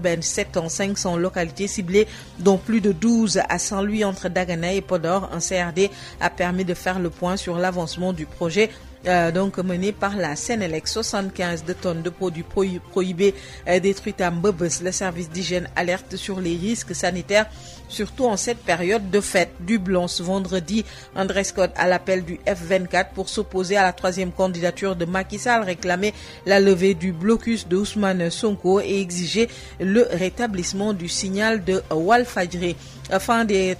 urbaine sept en cinq cents localités ciblées dont plus de douze à Saint-Louis entre Dagana et Podor un CRD le point sur l'avancement du projet euh, donc mené par la Sénélec 75 de tonnes de produits prohibés euh, détruites à Mbeubeuss le service d'hygiène alerte sur les risques surtout en cette période de fête. Dublon, ce vendredi, André Scott à l'appel du F24 pour s'opposer la troisième candidature de Macky Sall, réclamer la du blocus de Ousmane Sonko le rétablissement du signal de Walfadjri. Fin des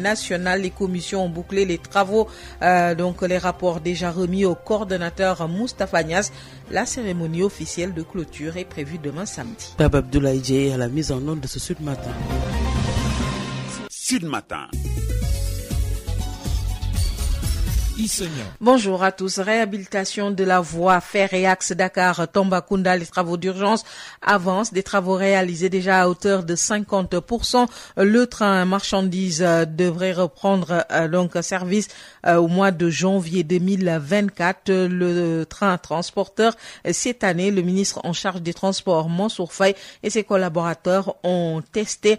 national, les commissions ont bouclé les euh, donc les rapports déjà remis au coordonnateur Moustapha Niass. La cérémonie officielle de clôture est prévue demain samedi. Bab Abdoulaye à la mise en onde de ce Sud Matin. Sud Matin. Isenia. Bonjour à tous. de la voie fer et axe Dakar-Tambacounda. Les travaux d'urgence avancent. Des travaux réalisés déjà à hauteur de 50%. Le train marchandises euh, devrait reprendre euh, donc service euh, au mois de janvier 2024. Le train transporteur, cette année, le ministre en charge des transports, Mansour Faye, et ses collaborateurs ont testé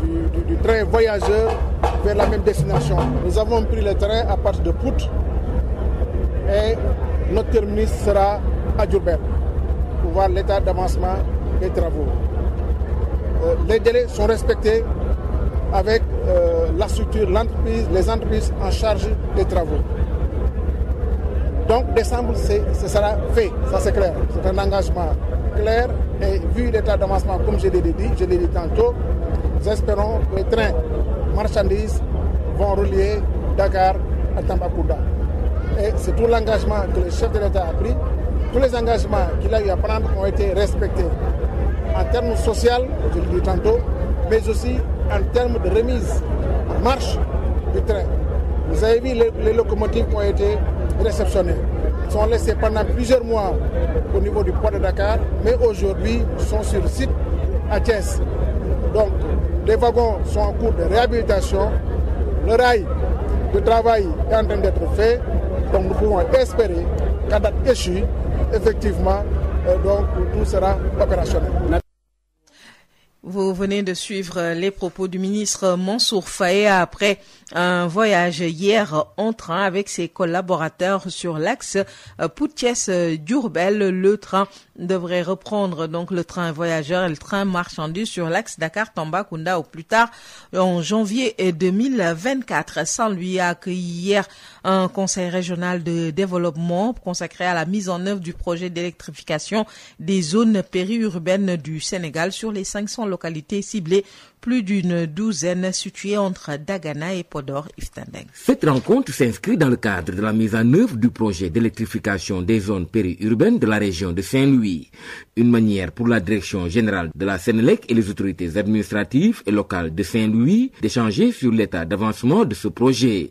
du, du, du, train voyageur vers la même destination. Nous avons pris le train à partir de Pout et notre terminus sera à Djurbel pour voir l'état d'avancement des travaux. Euh, les délais sont respectés avec euh, la structure, l'entreprise, les entreprises en charge des travaux. Donc décembre, ce sera fait, ça c'est clair. C'est un engagement clair et vu l'état d'avancement, comme je l'ai dit, je l'ai dit tantôt, espérons que les trains marchandises vont relier Dakar à Tambacounda. Et c'est tout l'engagement que le chef de l'État a pris. Tous les engagements qu'il a à prendre ont été respectés. En termes social, je l'ai dit tantôt, mais aussi en termes de remise en marche du train. Vous avez vu, les, les locomotives ont été réceptionnées. Elles sont laissées pendant plusieurs mois au niveau du port de Dakar, mais aujourd'hui sont sur site à Thiès. Des wagons sont en cours de réhabilitation. Le de travail est en d'être fait. Donc nous pouvons espérer qu'à date effectivement, euh, donc tout sera opérationnel. Vous venez de suivre les propos du ministre Mansour Faye après un voyage hier en avec ses collaborateurs sur l'axe Poutiès-Diourbel. Le train devrait reprendre donc le train voyageur et le train marchandise sur l'axe Dakar-Tambacounda au plus tard en janvier 2024. Saint-Louis a accueilli un conseil régional de développement consacré à la mise en œuvre du projet d'électrification des du Sénégal sur les 500 localités ciblées plus d'une douzaine situées entre Dagana et Podor Iftandeng. Cette rencontre s'inscrit dans le cadre de la mise en œuvre du projet d'électrification des zones périurbaines de la région de Saint-Louis, une manière pour la direction générale de la Sénélec et les autorités administratives et locales de Saint-Louis d'échanger sur l'état d'avancement de ce projet.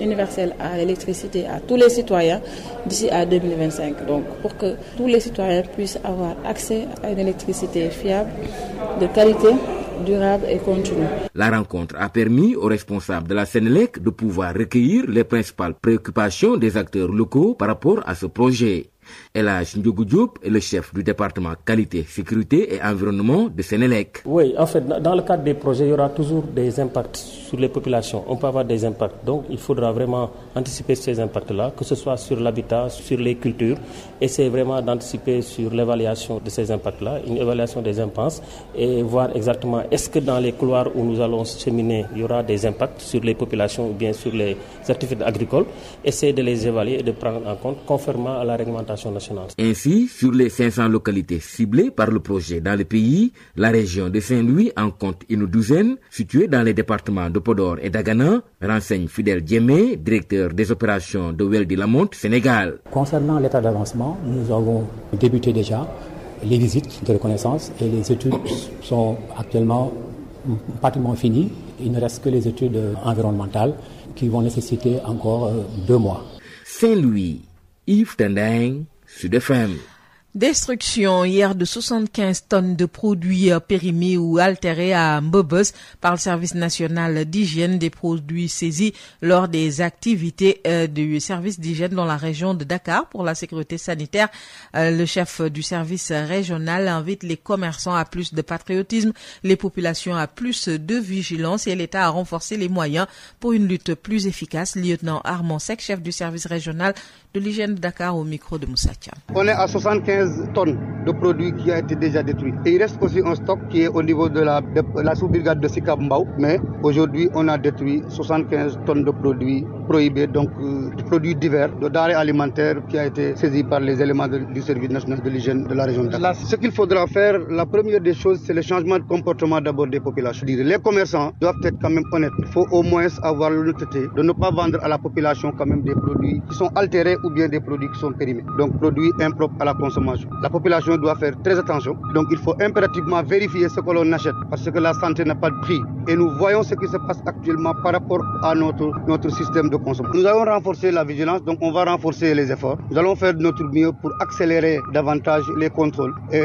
universelle à l'électricité à tous les citoyens à 2025. Donc pour que tous les citoyens puissent avoir accès à une électricité fiable, de qualité, durable et rencontre a permis aux responsables la Sénélec de pouvoir recueillir les principales des acteurs locaux par rapport à ce projet. El Hadj Ndiogou Diop est le chef du département qualité, sécurité et environnement de Sénélec. Oui, en fait, dans le cadre des projets, il y aura toujours des impacts sur les populations. On peut avoir des impacts. Donc, il faudra vraiment anticiper ces impacts-là, que ce soit sur l'habitat, sur les cultures. Essayer d'anticiper sur l'évaluation de ces impacts-là, et voir exactement est-ce que dans les couloirs où nous allons cheminer, il y aura des impacts sur les populations nationale. Ainsi, sur les 500 localités ciblées par le projet dans le pays, la région de Saint-Louis en compte une douzaine, située dans les départements de Podor et d'Agana, renseigne Fidel Djemé, directeur des opérations de Weldy Lamonte, Sénégal. Concernant l'état d'avancement, nous avons débuté déjà les visites de reconnaissance et les études sont actuellement pratiquement finies. Il ne reste que les études environnementales qui vont nécessiter encore euh, deux mois. Sud FM. Destruction hier de 75 tonnes de produits euh, périmés ou altérés à Mbeubeuss par le service national d'hygiène des produits saisis lors des activités euh, du service d'hygiène dans la région de Dakar pour la sécurité sanitaire. Euh, le chef du service régional invite les commerçants à plus de patriotisme, les populations à plus de vigilance et l'État à renforcer les moyens pour une lutte plus efficace. Lieutenant Armand Sec, chef du service régional de l'hygiène de Dakar au micro de Moussa Thiam. On est à 75 tonnes de produits qui a été déjà détruit. Et il reste aussi un stock qui est au niveau de la, sous-brigade de Sicap Mais aujourd'hui, on a détruit tonnes de produits prohibés, donc euh, de produits divers, de denrées alimentaires qui a été saisi par les éléments du service national de l'hygiène de la région de Dakar. Les commerçants doivent être quand même honnêtes. Il faut au moins avoir l'honnêteté de ou bien des produits qui sont périmés, donc produits impropres à la consommation. La population doit faire très attention. il faut impérativement vérifier ce que l'on achète parce que la santé n'a pas de prix. Et nous voyons ce qui se passe actuellement par rapport à notre, système de consommation. Nous allons renforcer la vigilance, Nous allons faire notre mieux pour accélérer davantage les contrôles et,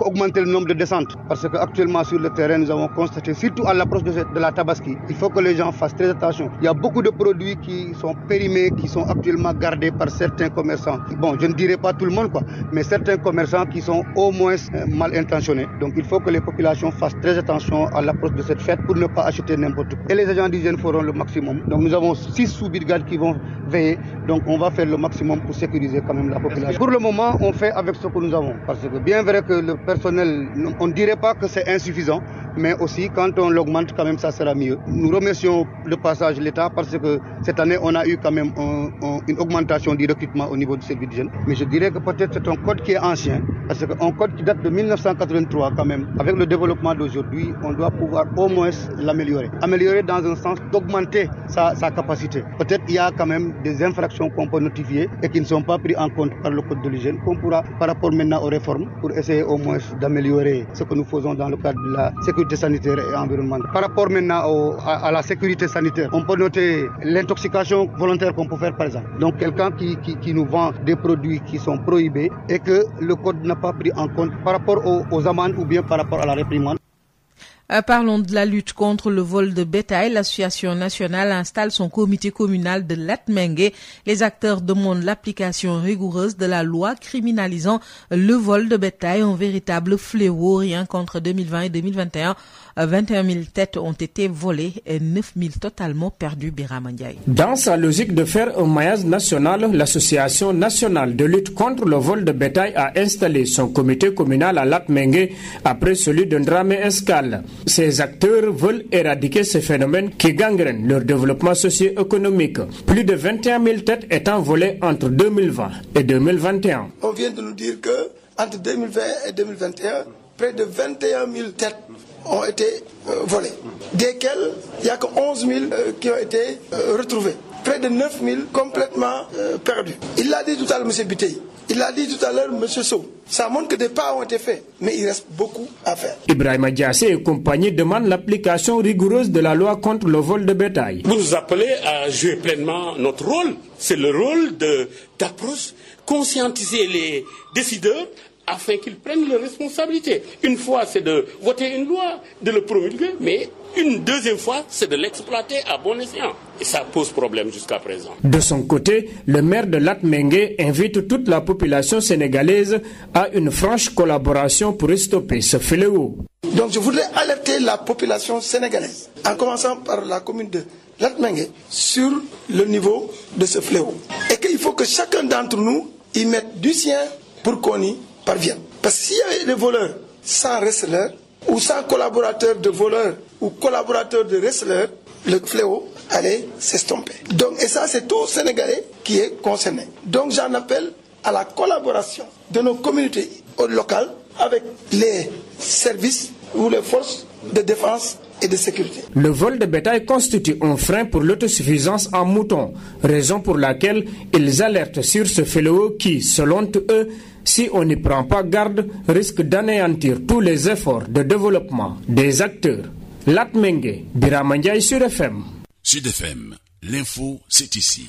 augmenter le nombre de descentes. Parce que les a regardé par certains commerçants. je ne dirais pas tout le monde, quoi, mais certains commerçants qui sont au moins euh, il faut que les populations fassent très attention à l'approche de cette fête pour ne pas acheter n'importe quoi. Et les qui vont veiller. Donc on va faire le maximum pour sécuriser Parce que bien vrai que le personnel, on ne dirait pas que c'est insuffisant, mais aussi quand on l'augmente quand même ça sera mieux. Nous remercions a eu augmentation du recrutement au niveau du service des jeunes. Mais je dirais que peut-être c'est un code qui est ancien, parce qu'un code de développement d'aujourd'hui, on doit pouvoir au moins l'améliorer. dans un sens d'augmenter sa, capacité. Peut-être il y a quand même des infractions qu'on peut notifier et qui ne sont pas prises en compte par le code de l'hygiène, qu'on par rapport maintenant aux réformes, pour essayer au moins d'améliorer ce que nous quelqu'un qui, qui, qui, nous vend des produits qui sont prohibés et que le code n'a pas pris en compte par rapport aux, aux ou bien par rapport à la réprimande. Euh, parlons de la lutte contre le vol de bétail. L'association nationale installe son comité communal de Latmengue. Les acteurs demandent l'application rigoureuse de la loi criminalisant le vol de bétail, un véritable fléau rien qu'entre et 21 000 têtes ont été volées et Dans sa logique de faire un maillage national, l'Association nationale de lutte contre le vol de bétail a installé son comité communal à Latmengue après celui d'un drame escale. Ces acteurs veulent éradiquer ce phénomène qui gangrène leur développement socio Plus de 21 000 têtes étant volées entre et près de têtes ont été euh, volés, desquels il n'y a que 11 000 euh, qui euh, Près de 9 000 complètement perdus. Il l'a dit tout à l'heure, M. Bitey. Il l'a dit tout à l'heure, M. Sow. Ça montre que des pas ont été faits, mais il reste beaucoup à faire. Ibrahima Diassé et compagnie demandent l'application rigoureuse de la loi contre le vol de bétail. Vous nous appelez à jouer pleinement notre rôle. C'est le rôle d'approche, conscientiser les décideurs afin qu'ils prennent leurs responsabilités. Une fois, c'est de voter une loi, de le promulguer, mais une deuxième fois, c'est de l'exploiter à bon escient. Et ça pose problème jusqu'à présent. De son côté, le maire de Latmengue invite toute la population sénégalaise à une franche collaboration pour stopper ce fléau. Donc je voudrais alerter la population sénégalaise, en commençant par la commune de Latmengue, sur le niveau de ce fléau. Et qu'il faut que chacun d'entre nous y mette du sien pour qu'on parviennent. Parce que s'il y avait des voleurs sans wrestler, ou sans collaborateurs de voleurs, ou collaborateur de wrestlers, le fléau allait s'estomper. et ça, c'est tout Sénégalais qui est concerné. Donc, j'en appelle à la collaboration de nos communautés locales avec les services ou les forces de défense et de sécurité. Le vol de bétail constitue un frein pour l'autosuffisance en moutons, raison pour laquelle ils alertent sur ce fléau qui, selon eux, si on n'y prend pas garde, risque d'anéantir tous les efforts de développement des acteurs. Latmengue, Biramandiaï sur FM. Sud FM, l'info, c'est ici.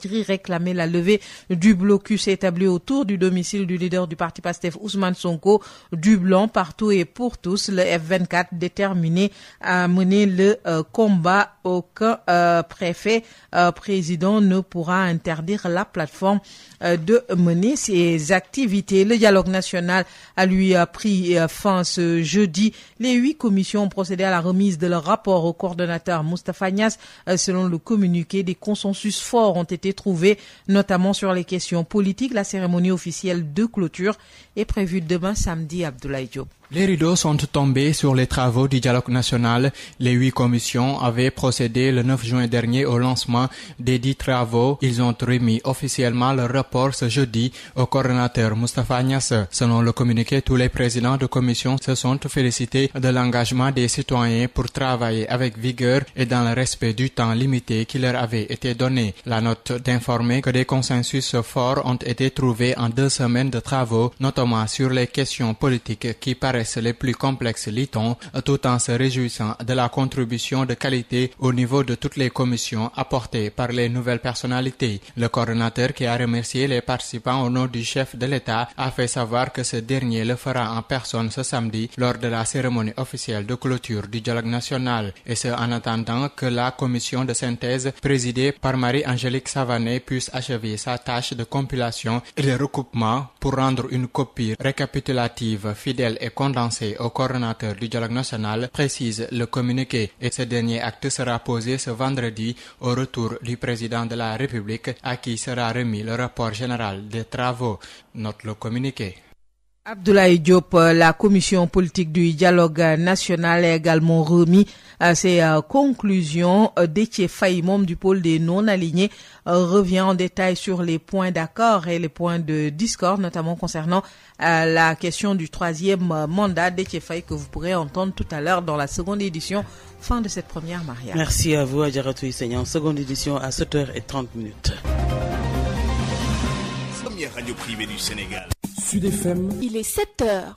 Walfadjri réclamait la levée du blocus établi autour du domicile du leader du parti PASTEF Ousmane Sonko du blanc partout pour tous le F24 déterminé à mener le euh, combat aucun euh, préfet euh, président ne pourra interdire la plateforme euh, de mener ses activités. Le dialogue national a lui euh, pris euh, fin ce jeudi. Les huit commissions ont procédé à la remise de leur rapport au coordonnateur Moustapha Niasse. Selon le communiqué, des consensus forts ont été trouvés, notamment sur les questions politiques. La cérémonie officielle de clôture est prévue demain samedi, Abdoulaye Diop. Les rideaux sont tombés sur les travaux du dialogue national. Les huit commissions avaient procédé le 9 juin dernier au lancement des dix travaux. Ils ont remis officiellement leur rapport ce jeudi au coordonnateur Moustapha Niasse. Selon le communiqué, tous les présidents de commission se sont félicités de l'engagement des citoyens pour travailler avec vigueur et dans le respect du temps limité qui leur avait été donné. La note d'informer que des consensus presses les plus complexes, lit-on, tout en se réjouissant de la contribution de qualité au niveau de toutes les commissions apportées par les nouvelles personnalités. Le coordonnateur qui a remercié les participants au nom du chef de l'État a fait savoir que ce dernier le fera en personne ce samedi lors de la cérémonie officielle de clôture du dialogue national, et ce en attendant que la commission de synthèse présidée par Marie-Angélique Savané puisse condensée au coordonnateur du dialogue national, précise le communiqué, et ce dernier acte sera posé ce vendredi au retour du président de la République à qui sera remis le rapport général des travaux, Abdoulaye Diop, euh, la commission politique du dialogue national a également remis euh, ses euh, conclusions. Déthié Faye, membre du pôle des non-alignés, revient en détail sur les points d'accord et les points de discorde, notamment concernant la question du troisième mandat. Déthié Faye que vous pourrez entendre tout à l'heure dans la seconde édition. Fin de cette première mariage. Merci à vous, Adjaratou Seigneur. Seconde édition à première radio privée du Sénégal. Sud FM. Il est 7 heures.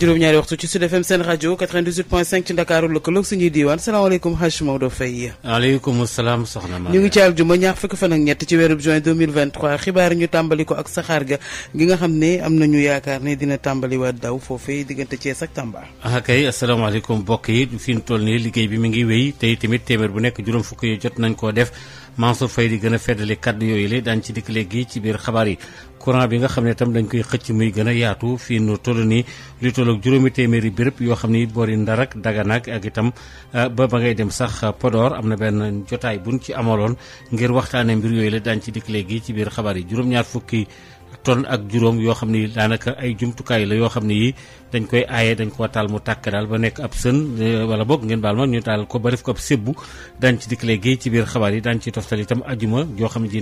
juróom-ñaari waxtu ci Sud FM seen rajo 98.5 ci Ndakaaru lëkkaloog suñuy diiwaan salaamaaleykum Haji Maodo Faye. waaleykum salaam soxna Maodo. ñu ngi ci aljuma ñaar fukki fan ak ñett ci weerub juin 2023 xibaar ñu tàmbali ko ak saxaar ga gi nga xam ne am na ñu yaakaar ne dina tàmbaliwaat daw foofee diggante Thiès ak Tamba. ah kay asalaamaaleykum mbokk yi fi ñu toll nii liggéey bi mu ngi wéy tey tamit téeméer bu nekk juróom fukk yi jot nañ koo def. Mansour fay di gën a feddali kàddu yooyu lay daañu ci dikk gi ci biir xabaar yi courant bi nga xam ne tam dañ koy xëcc muy gën a yaatu fii nu toll ni lu toll ak juróomi téeméeri béréb yoo xam ni boori Ndar ak Daganaak ak itam euh, ba ba ngay dem sax podoor am na benn jotaay buñ ci amaloon ngir waxtaanee mbir yooyu la daañu ci dikk gi ci biir xabaar yi juróom-ñaar fukki. tonn ak juróom yoo xam ne daanaka ay jumtukaay la yoo xam ne yi dañ koy aaye dañ ko taal mu tàkk daal ba nekk ab sën eh, wala boog ngeen baal ma ñu taal ko ba def ko ab sébbu daañ ci dikkale géey ci biir xabaar yi daañ ci toftal itam ne ji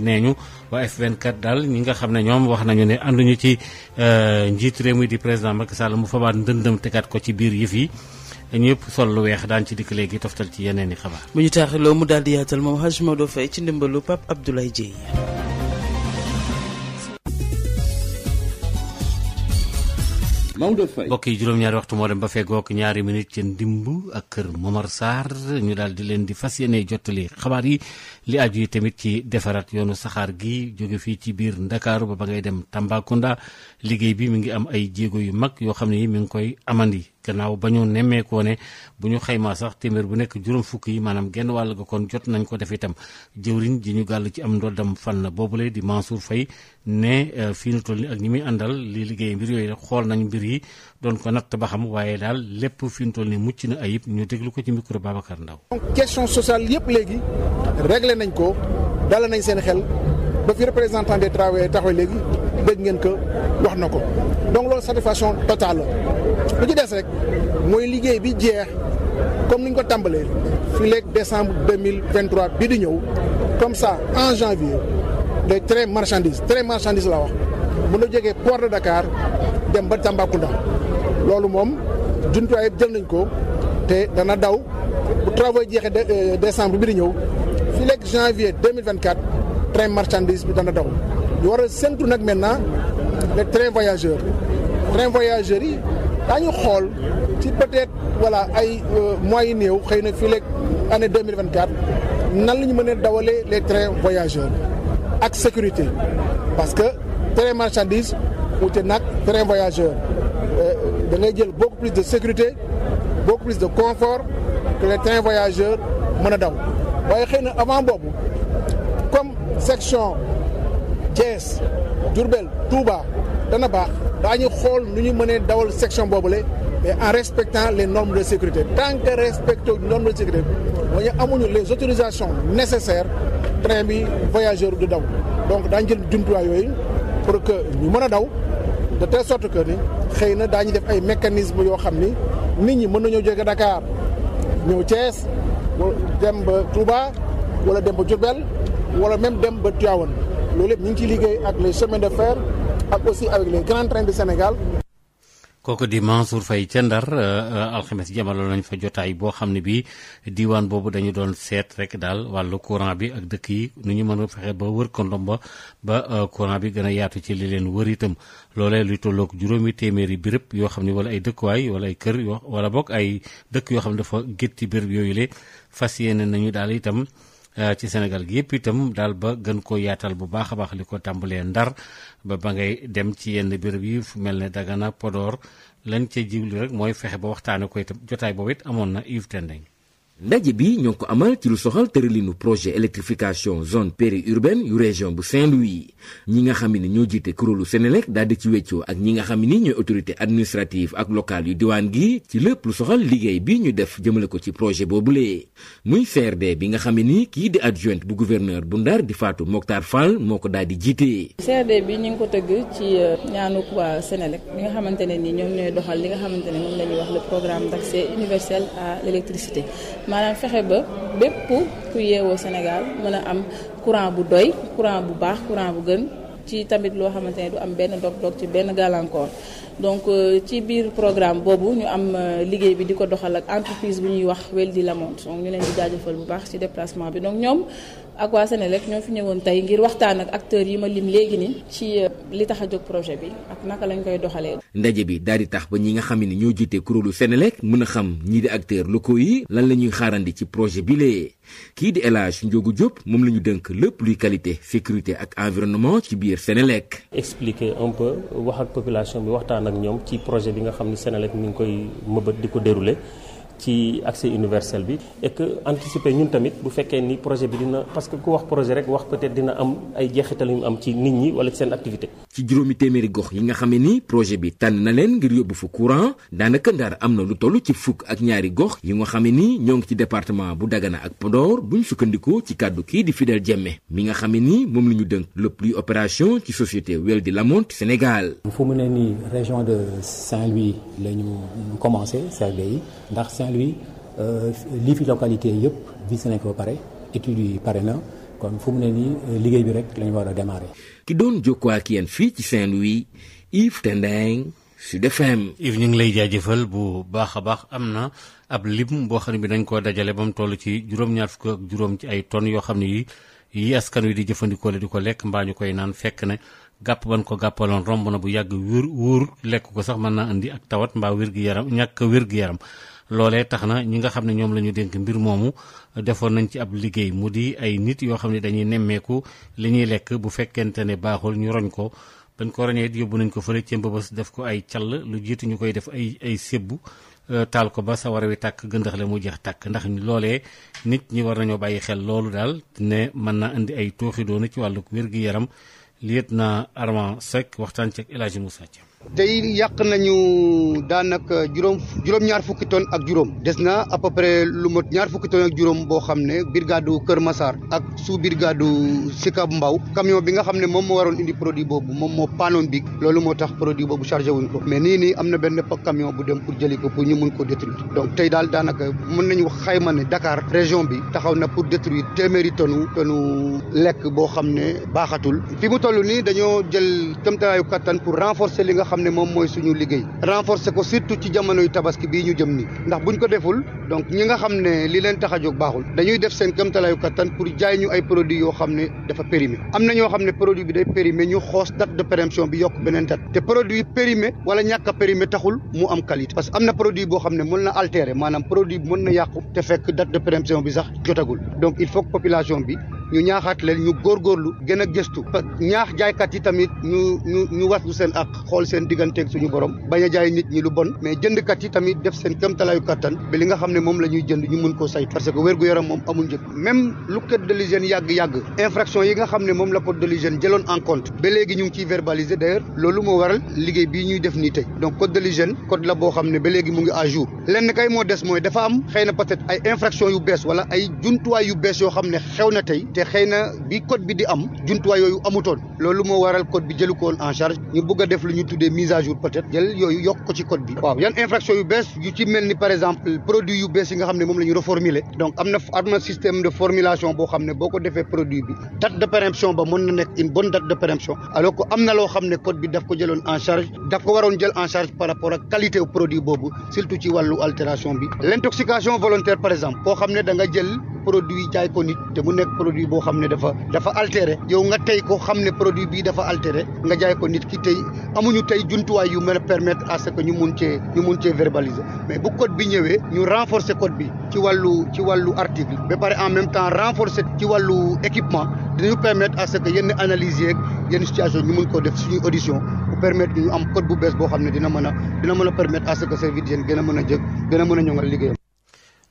ñi nga xam ne ñoom wax nañu ne ànduñu ci eh, njiit réew mi di président Macky Sall mu fabaat ndëndëm tegaat ko ci biir yëf yi ñëpp sol lu weex daan ci dikk léegi toftal ci yeneen i xabaar. bu ñu taaxee loo mu daal di yaatal moom Hadj Maodo Faye ci Maodo Faye mbokk juróom-ñaari waxtu moo dem ba feggoog ñaari minute ca ndimb ak kër Momar Sarr ñu daal di leen di fas yéene jottali xabaar yi li aju yi tamit ci defaraat yoonu saxaar gi jóge fii ci biir Ndakaaru ba ba ngay dem Tambacounda liggéey bi mi ngi am ay jéego yu mag yoo xam ne mi ngi koy amandi gannaaw ba ñu nemmeekoo ne bu ñu xaymaa sax téeméer bu nekk juróom fukk yi maanaam genn wàll ga kon jot nañ ko def itam jëwriñ ji ñu gàll ci am ndoddam fànn boobule di Mansour Faye ne euh, fii ni ak ñi muy àndal li liggéey mbir yooyu xool nañ mbir yi doon ko natt ba xam waaye daal lépp fi nu toll ni mucc na ayib ñu déglu ko ci micro Babacar Ndaw question sociale yëpp léegi réglé nañ ko dala nañ seen xel ba fi représentant de travailleurs taxaw léegi dégg ko wax na ko lu ci des rek mooy liggéey bi jeex comme ni ñu ko tàmbalee fii léegi décembre deux mille vingt trois di ñëw comme ça en janvier day train marchandise train marchandise laa wax mën na jógee port de Dakar dem ba Tambacounda loolu moom jumtuwaay yëpp jël nañ ko te dana daw bu travaux jeexee euh, décembre bi di ñëw fii léegi janvier deux mille vingt quatre train marchandise bi dana daw ñu war a séntu nag maintenant les train voyageurs train voyageurs yi. daañu xool ci peut-être voilà ay euh, mois yu néew xëy na fii léeg année 2024 nan la ñu mën a dawalee les trains voyageurs ak sécurité parce que train marchandise wute nag train voyageur euh, da ngay jël beaucoup plus de sécurité beaucoup plus de confort que les trains voyageurs mën a daw waaye xëy na avant boobu comme section Thiès Diourbel Touba dana baax daañu xool nu ñu mënee dawal section boobule mais en respectant les normes de sécurité tant que respecté normes de sécurité moo ñu amuñu les autorisations nécessaires train bi voyageurs du daw donc daañ jël jumtuwaay yooyu pour que ñu mën a daw de telle sorte que ni xëy na daañu def ay mécanismes yoo xam ni nit ñi mën nañoo jóge Dakar ñëw Thiès dem ba Touba wala dem ba Diourbel wala même dem ba Tivaouane loolu yëpp ñu ngi ciy liggéey ak les chemins de fer ak aussi avec les grands trains du Sénégal. kooku di Mansour Faye ca Ndar euh, euh, alxames jamalo nañ fa jotaay boo xam ne bii diwaan boobu dañu doon seet rek daal wàllu courant bi ak dëkk yi nu ñu mën a fexe ba wër kondomba ba euh, courant bi gën a yaatu ci li leen wër itam loolee luy tolloog juróomi téeméeri béréb yoo xam ne wala ay dëkkuwaay wala ay kër yoo wala bokk ay dëkk yoo xam ne dafa gétti béréb yooyu le fas yéene nañu daal itam Euh, ci Sénégal gi yëpp itam daal ba gën ko yaatal bu baax a baax li ko tàmbalee ndar ba ba ngay dem ci yenn béréb yi fu mel ne Dagana podoor lañ ca jiwli rek mooy fexe ba waxtaane ko itam jotaay boobu it amoon na Yves Tendeng ndaje bi ñoo ko amal ci lu soxal tëralinu projet électrification zone périurbaine yu région bu Saint-Louis ñi nga xam ne ñoo jiite kuréelu Sénélec daal di ci weccoo ak ñi nga xam ni ñooy autorité administrative ak locale yu diwaan gi ci lépp lu soxal liggéey bi ñu def jëmale ko ci projet boobu boobulee muy CRD bi nga xam ni kii di adjoint bu gouverneur bu Ndar di faatu Mokhtar Fall moo ko daal di jiite. CRD bi ñu ngi ko tëgg ci euh, ñaanu waa Sénélec xamante ne ni ñoom ñooy maanaam fexe ba bépp ku yeewoo Sénégal mën a am courant bu doy courant bu baax courant bu gën ci tamit loo xamante ne du am benn dog-dog ci benn gàllankoor donc euh, ci biir programme boobu ñu am euh, liggéey bi di ko doxal ak entreprise bi ñuy wax la Lamont donc ñu leen di jaajëfal bu baax ci déplacement bi donc ñoom ak waa Sénélec ñoo fi ñëwoon tey ngir waxtaan ak acteurs yi ma lim léegi ni ci euh, li tax a jóg projet bi ak naka lañ koy doxalee. ndaje bi daal di tax ba ñi nga xam ni ñoo jiite kuréelu Sénélec mën a xam ñii di acteurs loko yi lan la ñuy xaarandi ci projet bi lee kii di El Hadj Ndiogou Diop moom la ñu dënk lépp luy qualité sécurité ak environnement ci biir Sénélec. expliquer un peu wax ak population bi waxtaan ak ñoom ci projet bi nga xam ne Sénélec mi ngi koy mëbët di ko dérouler. ci accès universel bi et que anticiper ñun tamit bu fekkee ni projet bi dina parce que ku wax projet rek wax peut dina am ay jeexital yu mu am ci nit ñi wala ci seen activité. ci juróomi téeméeri gox yi nga xamee ni projet bi tànn na leen ngir yóbbu fa courant daanaka Ndar am na lu toll ci fukk ak ñaari gox yi nga xamee ni ñoo ngi ci département bu Dagana ak Podor buñ sukkandikoo ci kàddu kii di Fidèle Diémé mi nga xamee ni moom la ñu dënk lépp luy opération ci société Weldy Lamont Sénégal. fu mu ne nii région de Saint-Louis la ñu commencé Saint-Louis euh, lii fi localité yëpp visé nañ ko pare études yi pare na kon fu mu ne nii euh, liggéey bi rek lañu war a démarrer. ki doon jokkoo ak yéen fii ci Saint-Louis Yves Tendeng Sud FM. Yves ñu ngi lay jaajëfal bu baax a baax am na ab lim boo xam bi dañ koo dajale ba mu toll ci juróom juróom ci ay tonnes yoo xam ne yi yi askan wi di jëfandikoo la di ko lekk mbaa ñu koy naan fekk ne. gàpp ban ko gàppaloon romb na bu yàgg wóor wóor lekk ko sax mën naa indi ak tawat mbaa wér yaram ñàkk wér-gu-yaram loolee tax na ñi nga xam ne ñoom la ñu dénk mbir moomu defoon nañ ci ab liggéey mu di ay nit yoo xam ne dañuy nemmeeku li ñuy lekk bu fekkente ne baaxul ñu roñ ko bañ ko roñee yóbbu nañ ko fële ca mbëbës def ko ay call lu jiitu ñu koy def ay ay sébbu euh, taal ko ba sawara wi tàkk gëndaxle mu jeex tàkk ndax loolee nit ñi war nañoo bàyyi xel loolu daal ne mën na indi ay tooxi doona ci wàllu wér-gi-yaram liet na Armand Seck waxtaan ci ak El Hadji tey yàq nañu daanaka juróom juróom-ñaar fukki tonnes ak juróom des na à peu lu mot ñaar fukki tonnes ak juróom boo xam ne brigade Kër Massar ak sous brigade Sicap Mbao camion bi nga xam ne moom moo waroon indi produit boobu moom moo paanoon bi loolu moo tax produit boobu chargé wuñ ko mais nii nii am na benn camion bu dem pour jëli ko pour ñu mun ko détruire donc tey daal daanaka mën nañu xayma ne dakaar région bi taxaw na pour détruire téeméeri tonu tonu lekk boo xam ne baaxatul fi mu toll nii dañoo jël tëmtalaayu kattan pour renforcer li nga xam xam ne moom mooy suñu liggéey renforcer ko surtout ci jamonoy tabaski bii ñu jëm nii ndax buñ ko deful donc ñi nga xam ne li leen tax a jóg baaxul dañuy def seen këmtalaayu kattan pour jaay ñu ay produits yoo xam ne dafa périmé am na ñoo xam ne produit bi day périmé ñu xoos date de péremption bi yokk beneen date te produit périmé wala ñàkk a périmé taxul mu am qualité parce que am na produit boo xam ne mën na altéré maanaam produit bi mën na yàqu te fekk date de sax jotagul donc il faut que bi ñu ñaaxaat leen ñu góorgóorlu gën a gëstu ñaax jaaykat yi tamit ñu ñu ñu waslu seen ak xool seen digganteeg suñu borom bañ a jaay nit ñi lu bon mais jëndkat yi tamit def seen këmtalaayu kattan ba li nga xam ne moom la ñuy jënd ñu mun ko saytu parce que wér-gu-yaram moom amul njëg même lu code de yàgg-yàgg infraction yi nga xam ne moom la code de l'hygiène jëloon en compte ba léegi ñu ngi ciy verbaliser d'ailleurs loolu moo waral liggéey bii ñuy def nii tey donc code la boo xam ne ba léegi mu ngi à jour moo des mooy dafa am xëy na être ay infraction yu bees wala ay jumtuwaay yu bees yoo xam ne xew na tey te xëy na bi code di am jumtuwaay yooyu amutoon loolu moo waral code bi ko woon en charge ñu bëgg a def ñu tuddee mise à jour peut jël yooyu yokk ci code waaw yan infraction yu bees yu ci mel par exemple produit yu bees xam ne moom la ñu reformuler donc am na am na système de formulation boo xam ne boo ko defee produit bi date de péremption ba mën na nekk une bonne date de péremption alors que am na loo xam ne code daf ko jëloon en charge daf ko waroon boo xam ne dafa dafa altéré yow nga tey ko xam ne produit bii dafa altéré nga jaay ko nit ki tey amuñu tey juntuwaay yu mën a permettre à ce que ñu mun cee ñu cee verbaliser mais bu code bi ñëwee ñu renforcer code bi ci wàllu ci wàllu article ba pare en même temps renforcer ci wàllu équipement dinañu permettre à ce que yenn analyse yeeg yenn situation ñu mun ko def suñuy audition ñu am code bu bees boo xam ne dina mën a dina mën a permettre à ce que service d'hygiène gën a mën a jëg a mën a liggéeyam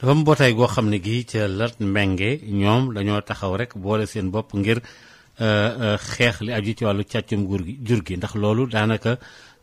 dafa am mbootaay goo xam ne gii ca Lat Mbengue ñoom dañoo taxaw rek boole seen bopp ngir euh, euh, xeex li aju ci wàllu càccum gur gi jur gi ndax loolu daanaka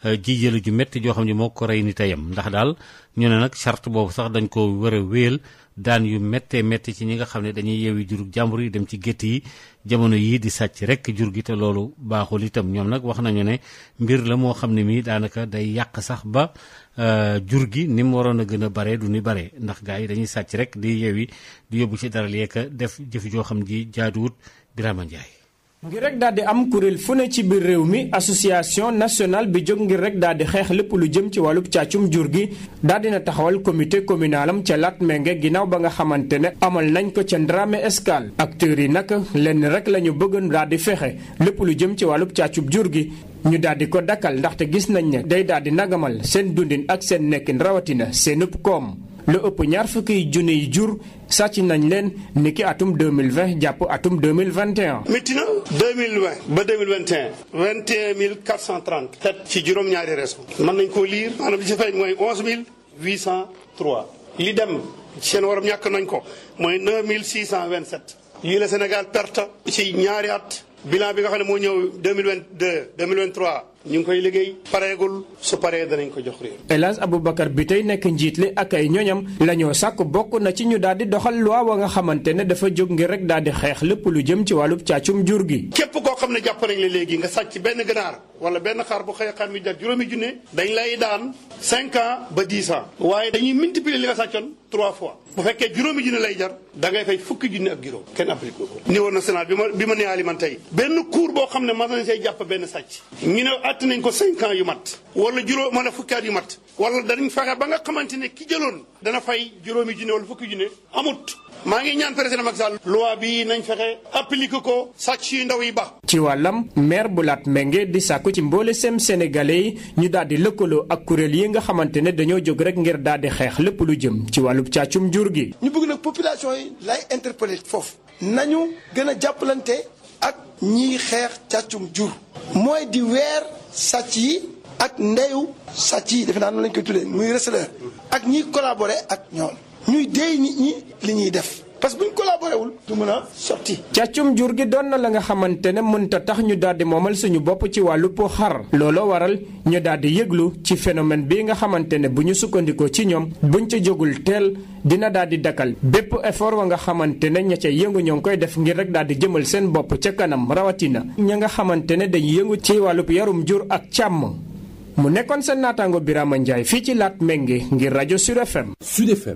euh, jiijëlu ju métti joo xam ne moo ko rey ni teyam ndax daal ñu ne nag charte boobu sax dañ ko war a wéel daan yu méttee métti ci ñi nga xam ne dañuy yeewi jurug jàmbur yi dem ci gétt yi jamono yii di sàcc rek jur gi te loolu baaxul itam ñoom nag wax nañu ne mbir la moo xam ne mii daanaka day yàq sax ba euh, jur gi ni mu waroon a gën a bare du ni bare ndax gaa yi dañuy sàcc rek di yeewi di yóbbu ci dara yeeka def jëf joo xam ji jaaduwut Birama Ndiaye ngir rek daal di am kuréel fu ne ci biir réew mi association nationale bi jóg ngir rek daal di xeex lépp lu jëm ci wàllub càccum jur gi daal dina taxawal comité communal am ca Latmingué ginnaaw ba nga xamante ne amal nañ ko ca Ndramé Escale acteurs yi nag lenn rek la ñu bëgg daal di fexe lépp lu jëm ci wàllub càccum jur gi ñu daal di ko dakkal ndaxte gis nañ ne day daal di nagamal seen dundin ak seen nekkin rawatina seenub koom. lu ëpp ñaar fukki junniy jur sàcc nañ leen niki atum 2020 jàpp atum 2021. métti na 2020 ba 2021. 21 430. xeet ci juróom-ñaari raison. man nañ koo liir maanaam li ci feeñ mooy 11 803. li dem seen waram ñàkk nañ ko mooy 9 627. lii la Sénégal perte ci ñaari at bilan bi nga xam ne moo ñëw 2022 2023. ñu ngi koy liggéey pareegul su paree danañ ko jox réew. El abu Aboubacar bi tey nekk njiit li ak ay ñoñam la ñoo sàkk bokk na ci ñu daal di doxal loi wa nga xamante ne dafa jóg ngir rek daal di xeex lépp lu jëm ci wàllu càccum jur gi. képp koo xam ne jàpp nañ la léegi nga sàcc benn ganaar wala benn xar bu xëy xam jar juróomi junne dañ lay daan 5 ans ba 10 ans. waaye dañuy multiplier li nga sàccoon. trois fois bu fekkee juróomi junni lay jar dangay ngay fukki junni ak juróom kenn appliqué ko niveau national bi ma bi ma neexali benn cour boo xam ne mas nañ jàpp benn sàcc ñu ne att nañ ko cinq ans yu mat wala juróom wala fukki at yu mat wala danañ fexe ba nga xamante ne ki jëloon dana fay juróomi junni wala fukki junni amut maa ngi ñaan président Macky Sall loi bi nañ fexe applique ko sàcc yu ndaw yi ba ci wàllam maire bu laat Mbengue di sàkku ci mboole sem sénégalais yi ñu daal di lëkkaloo ak kuréel yi nga xamante ne dañoo jóg rek ngir daal di xeex lépp lu jëm ci wàllu càccum jur gi ñu bëgg nag population yi lay interpellé foofu nañu gën a jàppalante ak ñiy xeex càccum jur mooy di weer sàcc yi ak ndeyu sàcc yi defe naa noonu lañ koy tuddee muy receleur ak ñii collaborer ak ñoom ñuy déy nit ñi li ñuy def parce que bu ñu collaboré wul du mën sotti. càccum jur gi doon na la nga xamante ne mënta tax ñu daal di moomal suñu bopp ci wàllu po xar looloo waral ñu daal di yëglu ci phénomène bii nga xamante ne bu ñu sukkandikoo ci ñoom buñ ca jógul teel dina daal di dakkal bépp effort wa nga xamante ne ña ca yëngu ñoo ngi koy def ngir rek daal di jëmal seen bopp ca kanam rawatina ña nga xamante ne dañuy yëngu ci wàllu yarum jur ak càmm. mu nekkoon seen naataango Birama Ndiaye fii ci Lat Mengue ngir rajo Sud FM. Sud eh,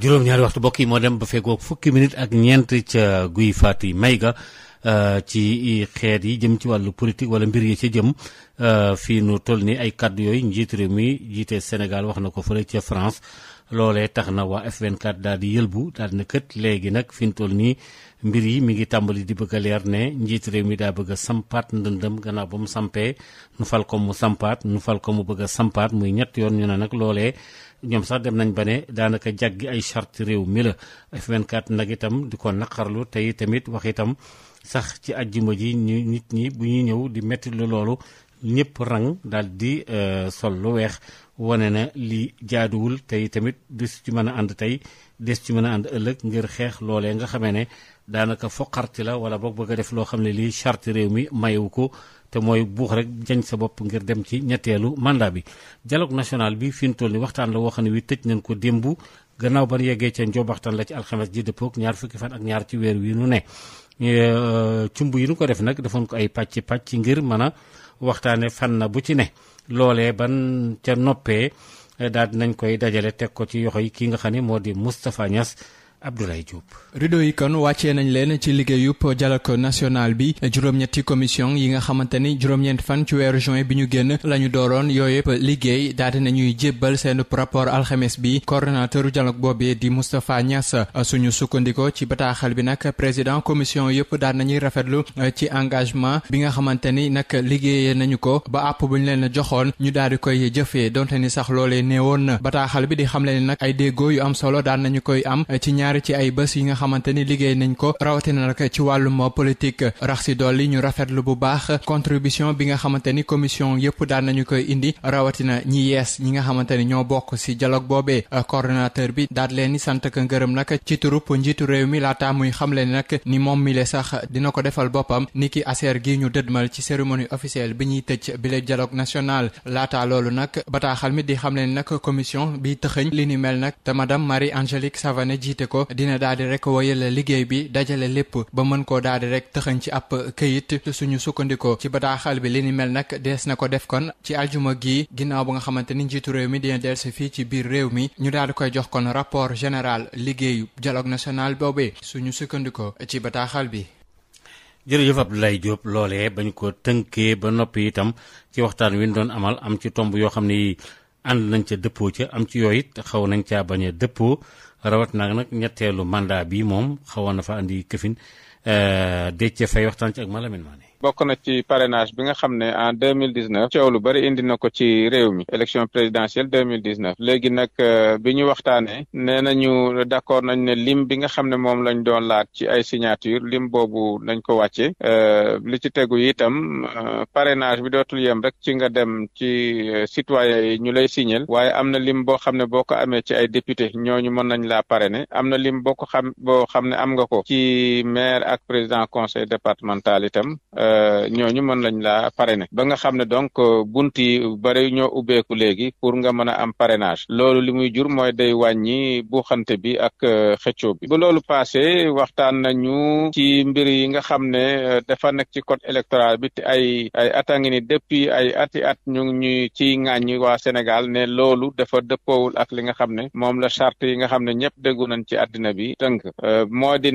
juróom-ñaari waxtu bokk yi moo dem ba fekkoog fukki minute ak ñeent ca guy Fatou Mayga eh, ci xeet yi jëm ci wàllu politique wala mbir yi ci jëm eh, fii nu toll nii ay kàddu yooyu njiit réew mi jiite Sénégal wax na ko fële ca France loolee tax na waa F24 daal di yëlbu daal di na kët léegi nag fi nu toll nii. mbir yi mi ngi tàmbali di bëgg a leer ne njiit réew mi daa bëgg a sampaat ndëndëm gannaaw ba mu sampee nu fal ko mu sampaat nu fal ko mu bëgg a sampaat muy ñett yoon ñu ne nag loolee ñoom sax dem nañ ba ne daanaka jàggi ay charte réew mi la F24 nag itam di ko naqarlu tey tamit wax itam sax ci ajjuma ji ñu nit ñi bu ñuy ñëw di metti lu loolu ñëpp rang daal di euh, sol lu weex wane na li jaaduwul tey tamit du ci mën a ànd tey des ci mën a ànd ëllëg ngir xeex loolee nga xamee ne daanaka foqarti la wala boog bëgg a def loo xam ne lii charte réew mi mayewu ko te mooy buux rek jañ sa bopp ngir dem ci ñetteelu mandat bi. dialogue national bi fi mu toll ni waxtaan la woo xam ne wi tëj nañ ko démb gannaaw ba yeggee ca njoobaxtaan la ci alxames ji dëppook ñaar fukki fan ak ñaar ci weer wi nu ne. cumb yi nu ko def nag defoon ko ay pàcc pàcc ngir mën a waxtaanee na bu ci ne loolee ban ca daal dinañ koy dajale teg ko ci yoxo yi ki nga xam ne moo di Moustapha Niass Abdoulaye Diop. rideau yi kon wàccee nañ leen ci liggéeyub dialogue national bi juróom-ñetti commission yi nga xamante ni juróom-ñeent fan ci weeru juin bi ñu génn la ñu dooroon yooyu yëpp liggéey daal nañuy jébbal seen rapport alxames bi coordonnateur dialogue boobee di Moustapha Niass suñu sukkandikoo ci bataaxal bi nag président commission yëpp daan nañuy rafetlu euh, ci engagement bi nga xamante ni nag liggéeyee nañu ko ba àpp bu ñu leen joxoon ñu daal di koy jëfee donte ni sax loolee néewoon na bataaxal bi di xamle ni nag ay déggoo yu am solo daal nañu koy am euh, ñaari ci ay bés yi nga xamante ni liggéey nañ ko rawatina nag ci wàllum politique rax si dolli ñu rafetlu bu baax contribution bi nga xamante ni commission yëpp daan nañu koy indi rawatina ñi yees ñi nga xamante ni ñoo bokk si dialogue boobe coordonnateur bi daat leen ni sant ak ngërëm nag ci turup njiitu réew mi laata muy xamle nag ni moom mi le sax dina ko defal boppam niki aseer gi ñu mal ci cérémonie officielle bi ñuy tëj bile dialogue national laata te madame Marie Angélique Savané jiite dina daal di rek woyal liggéey bi dajale lépp ba mën koo daal di rek tëxañ ci ab këyit suñu sukkandikoo ci bataaxal bi li ni mel nag dees na ko def kon ci aljuma gi ginnaaw ba nga xamante ni njiitu réew mi dina delsi fii ci biir réew mi ñu daal di koy jox kon rapport général liggéeyu dialogue national boobe suñu sukkandikoo ci bataaxal bi jërëjëf lay jóob loole bañ ko tënkee ba noppi itam ci waxtaan wi ñu doon amal am ci tomb yoo xam ni ànd nañ ca dëppoo ca am ci yooyu it xaw nañ caa bañ a rawat naa nag ñetteelu mandat bii moom xawoon na fa andi këfin euh, Déthié Faye waxtaan ci ak Malamine Mané bokk na ci parrainage bi nga xam ne en deux mille dix neuf coow lu bëri indi na ko ci réew mi élection présidentielle deux mille dix neuf léegi nag euh, bi ñu waxtaanee nee nañu d' accord nañ ne lim bi nga xam ne moom lañ doon laaj ci ay signature lim boobu nañ ko wàcce euh, li ci tegu itam euh, parenage bi dootul yem rek ci nga dem ci citoyen yi ñu lay signal waaye am na lim boo xam ne boo ko amee ci ay député ñooñu mën nañ laa parrainer am na lim boo xam boo xam ne am nga ko ci maire ak président conseil départemental itam. ñooñu mën lañ laa parrainer ba nga xam ne donc euh, bunt yi bëri ñoo ubbeeku léegi pour nga mën a am parrainage loolu li muy jur mooy day wàññi buuxante bi ak euh, xëccoo bi bu loolu passé waxtaan nañu ci mbir yi nga xam ne euh, defa nekk ci code électoral bi te ay ay ata ngi ni depuis ay ati at ñu ngi ñuy ciy ŋàññi waa ne loolu dafa dëppoowul ak li nga xam ne moom la charte yi nga xam ne ñëpp déggu nañ ci àddina bi tënk moo di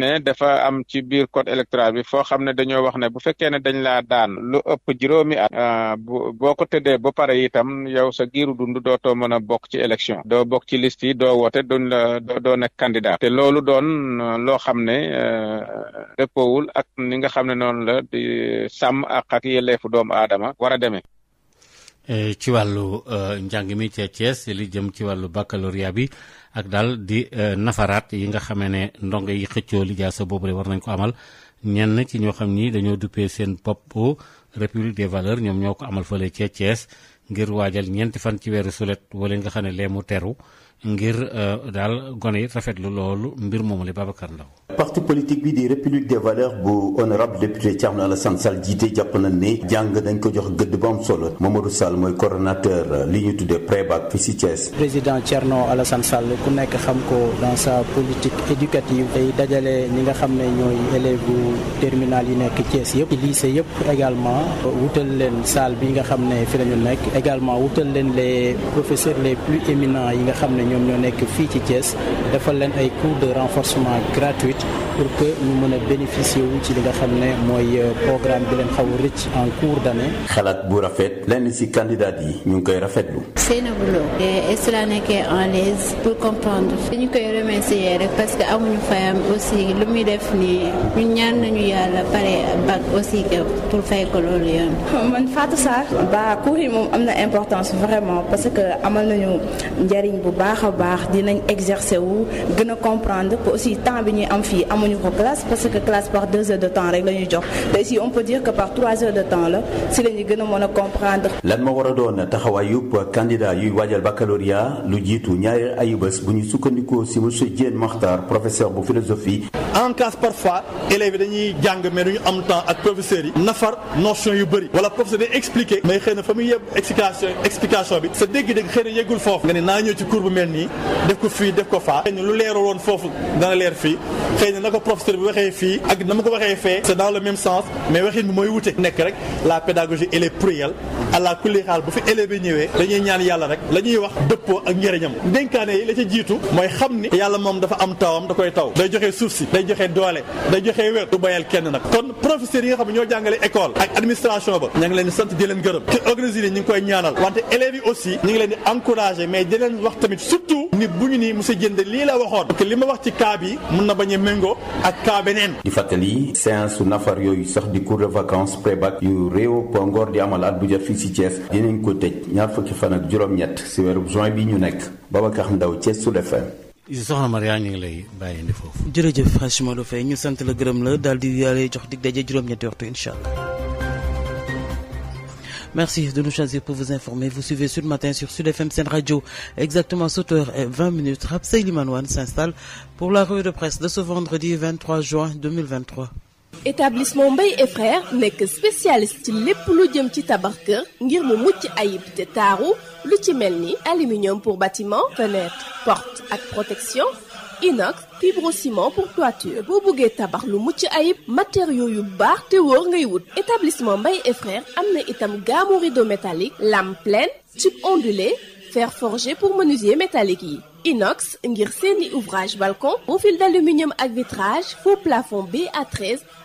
am ci biir code électoral bi xam ne dañoo wax ne bu fekkee dañ la daan lu ëpp juróomi at euh, boo ko tëddee ba pare itam yow sa giiru dund dootoo mën a bokk ci élection doo bokk ci liste yi doo woote duñ la doo nekk candidat te loolu doon euh, loo xam ne euh, dëppoowul ak ni nga xam ne noonu la di sàmm ak ak yelleefu doomu aadama war a demee e, ci wàllu njàng mi ci Thiès li jëm ci wàllu baccalauréat bi ak daal di nafaraat yi nga xamee ne ndongo yi xëccoo lijaasa boobule war nañ ko amal ñenn ci ñoo xam ni dañoo duppee seen bopp république des valeurs ñoom ñoo ko amal fële ca Thiès ngir waajal ñeenti fan ci weeru sulet wala nga xam ne leen mu teru ngir euh, daal gone yi rafetlu loolu mbir moomu la Babacar Ndaw parti politique bi di république des valeurs bu honorable député Thierno Alassane Sall jiite jàpp na ne jàng dañ ko jox gëdd bu am solo Mamadou Sall mooy coordonnateur euh, li ñu tuddee pré-bac fii si Thiès. président Thierno Alassane Sall ku nekk xam ko dans sa politique éducative day dajale ñi nga xam ne ñooy élèves bu terminal yi nekk Thiès yëpp lycée yëpp également wutal leen salle bi nga xam ne fi la ñu ñoom ñoo nekk fii ci Thiès defal leen ay cours de renforcement gratuit pour que ñu mën a wu ci li nga xam ne mooy euh, programme bi leen xaw a rëcc en cours d'année. xalaat bu rafet lenn ci candidat yi ñu ngi koy rafetlu. Seynabou Lo et cela nekkee en l'aise pour comprendre. dañu koy remercier rek parce que amuñu fayam aussi lu muy def nii ñun ñaan nañu yàlla pare bac aussi pour fay ko loolu yoon. man Fatou Sarr. ba cours yi moom am na importance parce que amal nañu njariñ bu baax. baax a a comprendre que aussi si a taxawaay yëpp candidat yuy waajal baccalauréat lu jiitu ñaari ayubés bu ñu sukkandikoo si monsieur Diène Makhtar professeur bu philosophie. en classe parfois élèves yi dañuy jàng mais duñu am temps ak professeurs yi nafar notion yu bëri wala professeur day expliquer mais xëy fa muy yëpp explication bi sa dégg-dégg xëy na foofu nga ne naa ñëw ci cours bu mel nii def ko fii def ko faa lu leeru foofu dana leer fii xëy na na ko professeur bi waxee fii ak na ma ko waxee fee c'est dans le même sens mais waxin bi mooy wute nekk rek la pédagogie elle est plurielle kulli xaal bu fi élève bi ñëwee dañuy ñaan yàlla rek la wax dëppoo ak njëriñam dénkaane yi la ca jiitu mooy xam ni yàlla moom dafa am tawam da koy taw day joxe suuf si day joxe doole day joxe wér du bayal kenn nag kon professeurs yi nga surtout nit bu ñu nii monsieur Diène lii la waxoon que li ma wax ci kaa bi mun na bañ a méngoo ak cas beneen. di fàttali séance nafar yooyu sax di cours de vacances pré-bac yu réew Ngor di amalaat bu jot fii ci Thiès dinañ ko tëj ñaar fukki fan ak juróom-ñett si weeru juin bi ñu nekk Babacar Ndaw Thiès Sud FM. soxna Maria ñu ngi lay bàyyi indi foofu. jërëjëf Hachima Lo Faye ñu sant la gërëm la daal di yàlla jox dig dajee juróom-ñetti waxtu incha allah. Merci de nous choisir pour vous informer. Vous suivez Sud Matin sur Sud FM Sen Radio. Exactement 7h20 minutes. Rapsay Limanouane s'installe pour la revue de presse de ce lu jëm ci tabax kër ngir mu mucc taaru lu ci mel ni aluminium pour bâtiment fenêtre porte ak protection inox fibrociment pour toiture boo bëggee tabax lu mucc ayib matériaux yu baax te wóor ngay wut établissement Mbaye et frères am na itam gaamu rideau métallique lame pleine tube ondulé fer forgé pour menuisier métallique yi inox ngir seeni ouvrage balcon profil d'aluminium ak vitrage faux plafond BA13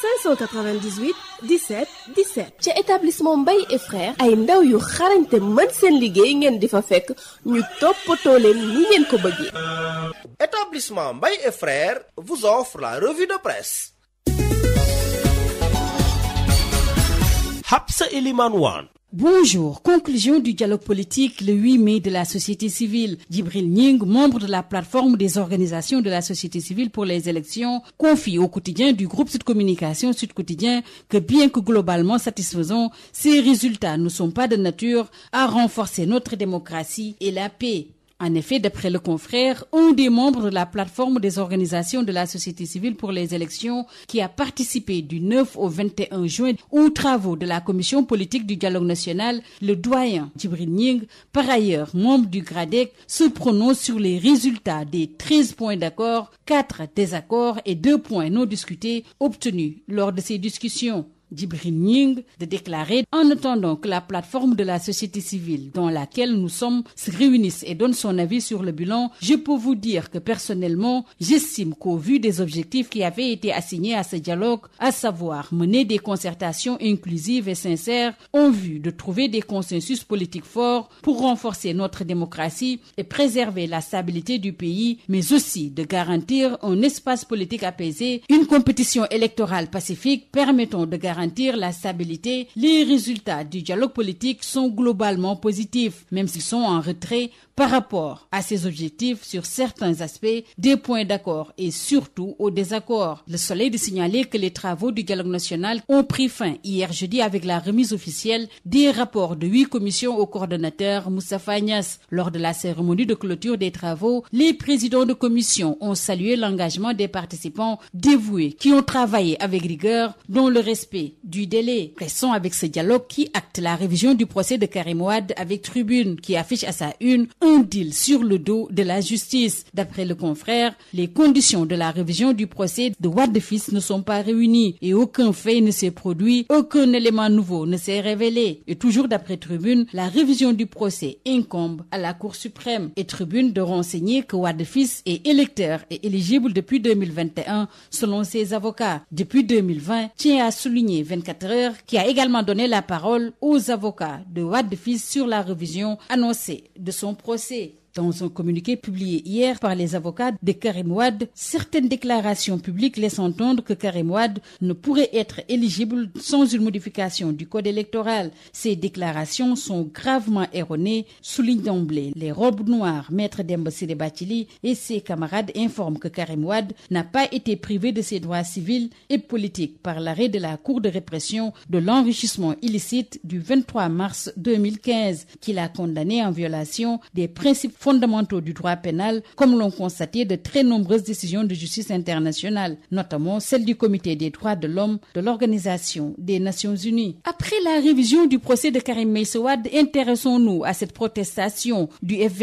598 17 17 ca établissement Mbaye et frères ay ndaw yu xarañte mën seen liggéey ngeen di fa fekk ñu toppatoo leen ni ngeen ko bëggee. établissement Mbaye et frères vous offre la revue de presse. Bonjour. Conclusion du dialogue politique le 8 mai de la société civile. Djibril Ning, membre de la plateforme des organisations de la société civile pour les élections, confie au quotidien du groupe Sud Communication Sud Quotidien que bien que globalement satisfaisants, ces résultats ne sont pas de nature à renforcer notre démocratie et la paix. En effet, d'après le confrère, un des membres de la plateforme des organisations de la société civile pour les élections qui a participé du 9 au 21 juin aux travaux de la commission politique du dialogue national, le doyen Djibril Nying, par ailleurs membre du GRADEC, se prononce sur les résultats des 13 points d'accord, 4 désaccords et 2 points non discutés obtenus lors de ces discussions. Djibril Nying, de déclarer En attendant que la plateforme de la société civile dans laquelle nous sommes se réunisse et donne son avis sur le bilan, je peux vous dire que personnellement, j'estime qu'au vu des objectifs qui avaient été assignés à ce dialogue, à savoir mener des concertations inclusives et sincères en vue de trouver des consensus politiques forts pour renforcer notre démocratie et préserver la stabilité du pays, mais aussi de garantir un espace garantir la stabilité, les résultats du dialogue politique sont globalement positifs, même s'ils sont en retrait par rapport à ses objectifs sur certains aspects des points d'accord et surtout au désaccord. Le soleil de signaler que les travaux du dialogue national ont pris fin hier jeudi avec la remise officielle des rapports de huit commissions au coordonnateur Moustapha Niasse. Lors de la cérémonie de clôture des travaux, les présidents de commission ont salué des participants profiter du délai. Restons avec ce dialogue qui acte la révision du procès de Karim Wade avec Tribune qui affiche à sa une un deal sur le dos de la justice. D'après le confrère, les conditions de la révision du procès de Wade fils ne sont pas réunies et aucun fait ne s'est produit, aucun élément nouveau ne s'est révélé. Et toujours d'après Tribune, la révision du procès incombe à la Cour suprême et Tribune de renseigner que Wade fils est électeur et éligible depuis 2021 selon ses dernier 24 heures qui a également donné sur la révision de son procès. Dans un communiqué publié hier par les avocats de Karim Wade, certaines déclarations publiques laissent entendre que Karim Wade ne pourrait être éligible sans une modification du code électoral. Ces déclarations sont gravement erronées, souligne d'emblée les robes noires Maître Demba Siré Bathily et ses camarades informent que Karim Wade n'a pas été privé de ses droits civils et politiques par l'arrêt de la Cour de répression de l'enrichissement illicite du 23 mars 2015 l'a condamné en violation fondamentaux du droit pénal, comme l'ont constaté de très nombreuses décisions de justice internationale, notamment celle du Comité des droits de l'homme de l'Organisation des Nations Unies. Après la révision du procès de Karim Meïssa Wade, intéressons-nous à cette protestation du f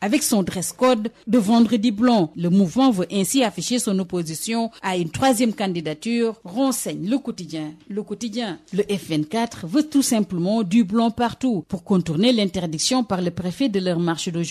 avec son dress code de vendredi blanc. Le mouvement veut ainsi afficher son opposition à une troisième candidature, renseigne le quotidien. Le quotidien. Le f veut tout simplement du blanc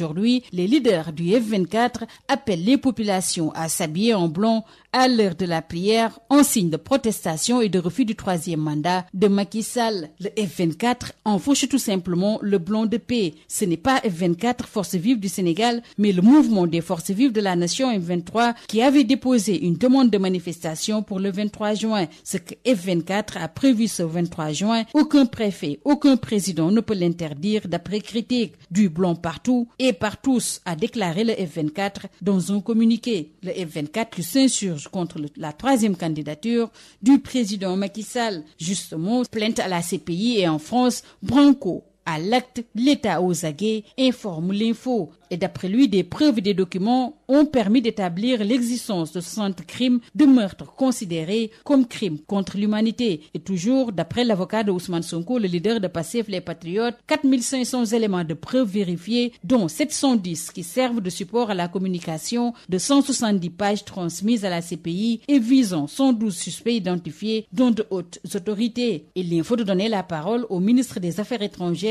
Aujourd'hui, les leaders du F24 appellent les populations à s'habiller en blanc à l'heure de la prière en signe de protestation et de refus du troisième mandat de Macky Sall. Le F24 enfourche tout simplement le blanc de paix. Ce n'est pas F24 Forces vives du Sénégal, mais le mouvement des Forces vives de la nation F23 qui avait déposé une demande de manifestation pour le 23 juin. Ce que F24 a prévu ce 23 juin, aucun préfet, aucun président ne peut l'interdire d'après critique. Du blanc par tous, a déclaré le F24 dans un communiqué. Le F24 qui s'insurge contre la troisième candidature du président Macky Sall. Justement, plainte à la CPI et en France, Branco à l'acte, l'État aux aguets, informe l'info. Et d'après lui, des preuves des documents ont permis d'établir l'existence de 60 crimes de meurtre considérés comme crimes contre l'humanité. Et toujours, d'après l'avocat de Ousmane Sonko, le leader de Passif Les Patriotes, éléments de preuves vérifiés, dont qui servent de support à la communication de pages transmises à la CPI et visant 112 suspects identifiés, dont de hautes autorités. Il faut de donner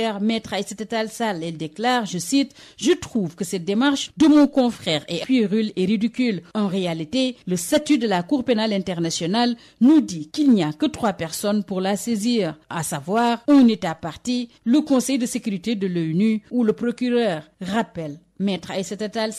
confrère Maître Aïssata Tall Sall. déclare, je cite, Je trouve que cette démarche de mon confrère est puérile et ridicule. En réalité, le statut de la Cour pénale internationale nous dit qu'il n'y a que trois personnes pour la saisir, à savoir un État partie, le Conseil de sécurité de l'ONU ou le procureur. Rappel, Maître Aïssata Tall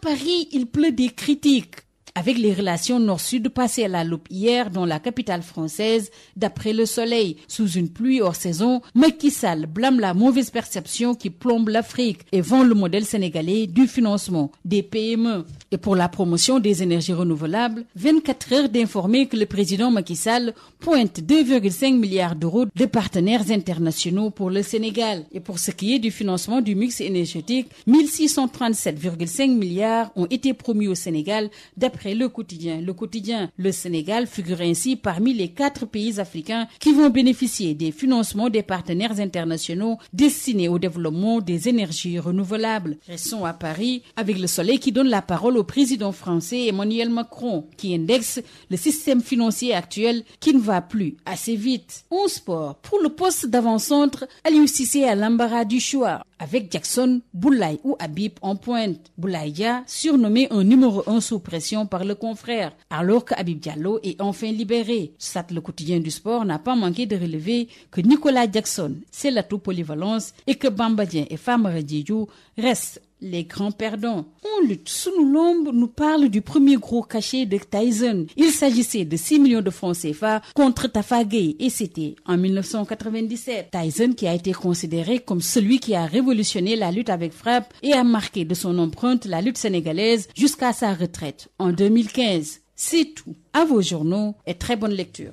Paris, il pleut des critiques Avec les relations nord-sud passées à la loupe hier dans la capitale française, d'après le soleil, sous une pluie hors saison, Macky Sall blâme la mauvaise perception qui plombe l'Afrique et vend le modèle sénégalais du financement des PME. Et pour la promotion des énergies renouvelables, 24 heures d'informer que le président Macky Sall pointe 2,5 milliards d'euros de partenaires internationaux pour le Sénégal. Et pour ce qui est du financement du mix énergétique, 1637,5 milliards ont été promis au Sénégal d'après d'après le quotidien. Le quotidien, le Sénégal figure ainsi parmi les quatre pays africains qui vont bénéficier des financements des partenaires internationaux destinés au développement des énergies renouvelables. Restons à Paris avec le soleil qui donne la parole au président français Emmanuel Macron qui indexe le système financier actuel qui ne va plus assez vite. En sport, pour le poste d'avant-centre, Aliou Cissé à l'embarras du choix. avec Jackson Boulay ou Habib en pointe. Boulaya, surnommé un numéro un sous pression par le confrère, alors que Habib Diallo est enfin libéré. Sat, le quotidien du sport, n'a pas manqué de relever que Nicolas Jackson, c'est l'atout polyvalence et que Bambadien et Famara Diou restent les grands perdants. On lutte. Sunulombe nous parle du premier gros cachet de Tyson. Il s'agissait de 6 millions de francs CFA contre Tafagay et c'était en 1997. Tyson qui a été considéré comme celui qui a révolutionné la lutte avec frappe et a marqué de son empreinte la lutte sénégalaise jusqu'à sa retraite en 2015. C'est tout. À vos journaux et très bonne lecture.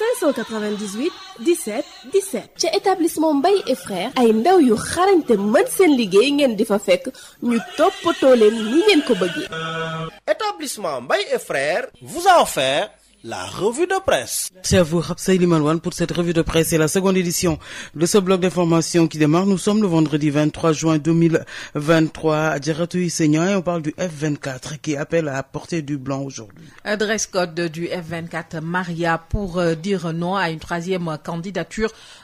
598 17 17 ca établissement Mbaye et frères ay ndaw yu xarañte mën seen liggéey ngeen di fa fekk ñu toppatoo leen ni ngeen ko bëggee euh, établissement Mbaye et frères vous a offert la revue de presse. Merci à vous, Raphaël Limanouane, pour cette revue de presse et la seconde édition de ce bloc d'information qui démarre. Nous sommes le vendredi on parle du F-24 qui appelle à porter du blanc aujourd'hui. Adresse code du f euh,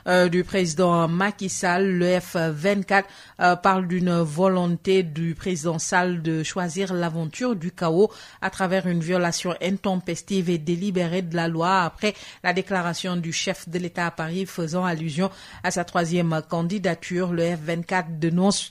euh, du président Macky Sall. Le F-24 euh, parle d'une du président Sall de choisir l'aventure du chaos à travers libéré de la loi après la déclaration du chef de l'État à Paris faisant allusion à sa troisième candidature. Le f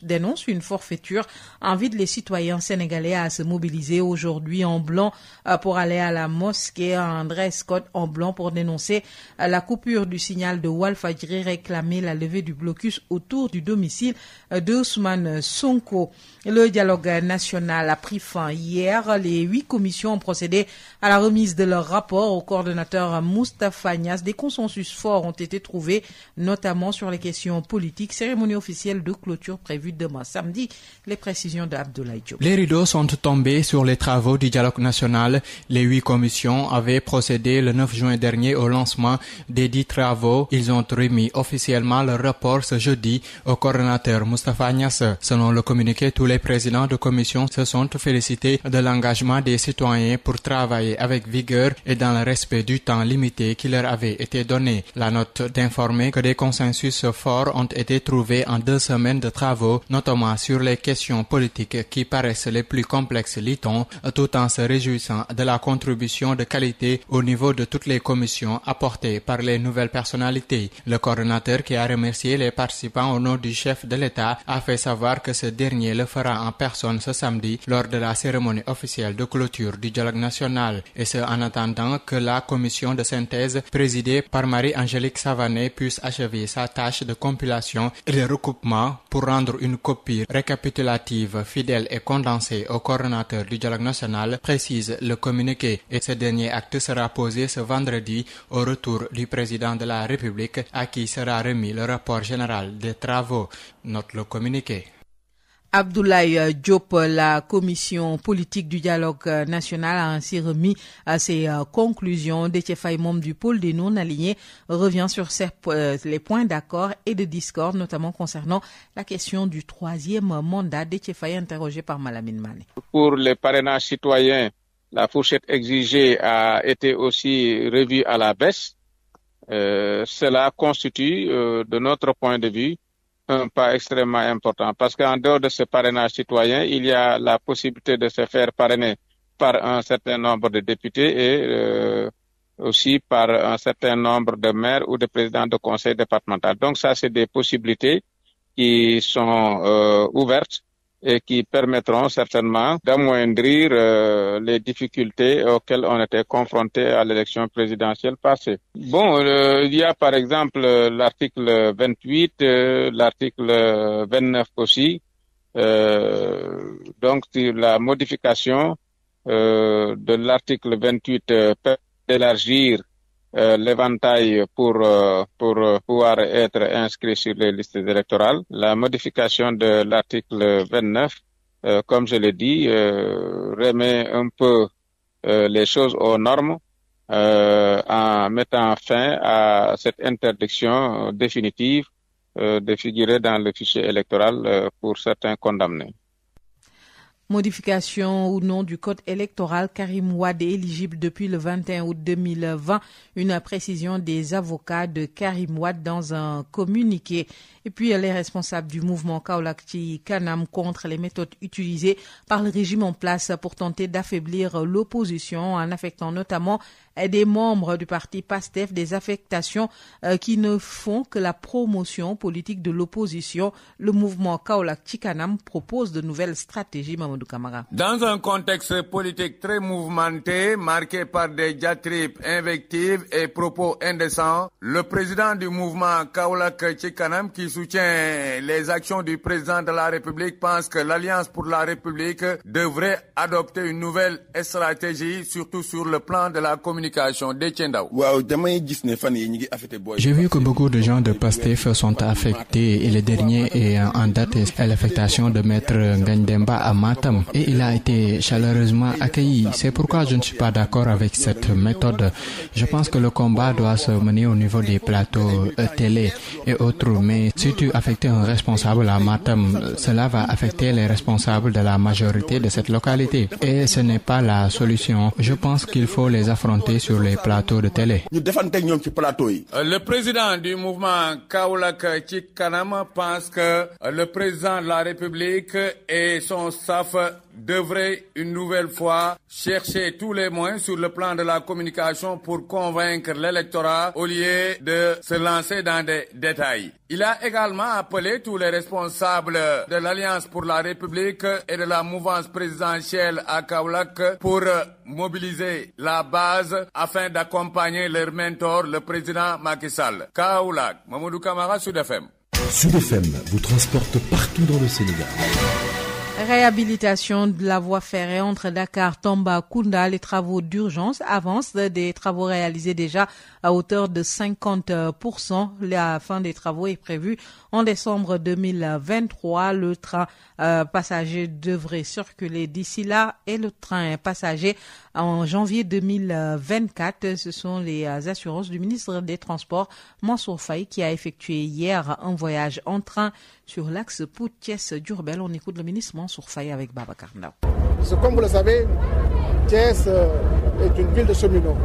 dénonce, une forfaiture, invite les citoyens sénégalais à se mobiliser aujourd'hui en blanc euh, pour aller à la mosquée. André Scott en blanc pour dénoncer euh, la coupure du signal de Walfadjri réclamer la levée du blocus autour du domicile euh, d'Ousmane Sonko. Le dialogue national a pris fin hier. Les huit commissions ont procédé à la remise de leur rapport au coordonnateur Moustapha Niass. Des consensus forts ont été trouvés, notamment sur les questions politiques. Cérémonie officielle de clôture prévue demain samedi. Les précisions d'Abdoulaye Diop. Les rideaux sont tombés sur les travaux du dialogue national. Les huit commissions avaient procédé le 9 juin dernier au lancement des dix travaux. Ils ont remis officiellement le rapport les présidents de commission se sont félicités de l'engagement des citoyens pour travailler avec vigueur et dans le respect du temps limité qui leur avait été donné. La note d'informer que des consensus forts ont été trouvés en deux semaines de travaux, notamment sur les questions politiques qui paraissent les plus complexes, lit tout en se réjouissant de la contribution de qualité au niveau de toutes les commissions apportées par les nouvelles Le coordonnateur participera en personne ce samedi lors de la cérémonie officielle de clôture du dialogue national et ce en attendant que la commission de synthèse présidée par Marie-Angélique Savané puisse achever sa tâche de compilation et de recoupement pour rendre une copie récapitulative fidèle et condensée au coordonnateur du dialogue national, précise le communiqué et ce dernier acte sera posé ce vendredi au retour du président de la République à qui sera remis le Abdoulaye euh, Diop, euh, la commission politique du dialogue euh, national a ainsi remis à ses conclusions. Déthié Faye, membre du pôle des non-alignés, revient sur les points d'accord et de discorde, notamment concernant la question du troisième mandat. Déthié interrogé par Malamine Mané. Pour les parrainages citoyens, la fourchette exigée a été aussi revue à la baisse. Euh, cela constitue, euh, de notre point de vue, un pas extrêmement important parce qu'en dehors de ce parrainage citoyen, il y a la possibilité de se faire parrainer par un certain nombre de députés et euh, aussi par un certain nombre de maires ou de présidents de conseils départemental Donc ça, c'est des possibilités qui sont euh, ouvertes et qui permettront certainement d'amoindrir euh, les difficultés auxquelles on était confronté à l'élection présidentielle passée. Bon, euh, il y a par exemple l'article 28, euh, l'article 29 euh, aussi, euh, donc la modification euh, de l'article 28 peut élargir Euh, l'éventail pour, euh, pour euh, pouvoir être inscrit sur les listes La modification de l'article 29, comme je l'ai dit, remet un peu les choses aux normes euh, en mettant fin à cette interdiction définitive euh, de figurer dans le fichier électoral euh, pour certains condamnés. Modification ou non du code électoral, Karim Ouad est éligible depuis le 21 août 2020. Une précision des avocats de Karim Ouad dans un communiqué. Et puis les responsables du mouvement Kaolakti Kanam contre les méthodes utilisées par le régime en place pour tenter d'affaiblir l'opposition en affectant notamment des membres du parti PASTEF des affectations euh, qui ne font que la promotion politique de l'opposition. Le mouvement Kaolak Chikanam propose de nouvelles stratégies, Mamadou Kamara. Dans un contexte politique très mouvementé, marqué par des diatribes invectives et propos indécents, le président du mouvement Kaolak Chikanam, qui soutient les actions du président de la République, pense que l'Alliance pour la République devrait adopter une nouvelle stratégie, surtout sur le plan de la communication communication Déthié Ndao. j'ai vu que beaucoup de gens de Pastef sont affectés et le dernier est en date est l'affectation de maître Ngagne Demba à Matam et il a été chaleureusement accueilli c'est pourquoi je ne suis pas d'accord avec cette méthode je pense que le combat doit se mener au niveau des plateaux euh, télé et autres mais si tu affectes un responsable à Matam euh, cela va affecter les responsables de la majorité de cette localité et ce n'est pas la solution je présenter sur les plateaux de télé. ñu defanteeg ñoom ci plateau yi. Euh, le président du mouvement Kaolack ci kanam pense que euh, le président de la République et son staff devrait une nouvelle fois chercher tous les moins sur le plan de la communication pour convaincre l'électorat au lieu de se lancer dans des détails. Il a également appelé tous les responsables de l'Alliance pour la République et de la mouvance présidentielle à Kaulak pour mobiliser la base afin d'accompagner leur mentor, le président Macky Sall. Kaulak, Mamoudou Kamara, Sud FM. Sud FM vous transporte partout dans le Sénégal. Réhabilitation de la voie ferrée entre Dakar, Tamba, Kounda, les travaux d'urgence avancent, de 50%. La fin des travaux est prévue en décembre 2023. Le euh, passagers devraient circuler d'ici là et le train passager en janvier 2024. Ce sont les euh, assurances du ministre des Transports, Mansour Faye, qui a effectué hier un voyage en train sur l'axe Poutiès-Durbel. On écoute le ministre Mansour Faye avec Baba Karnao. Comme vous le savez, Thiès euh, est une ville de cheminots.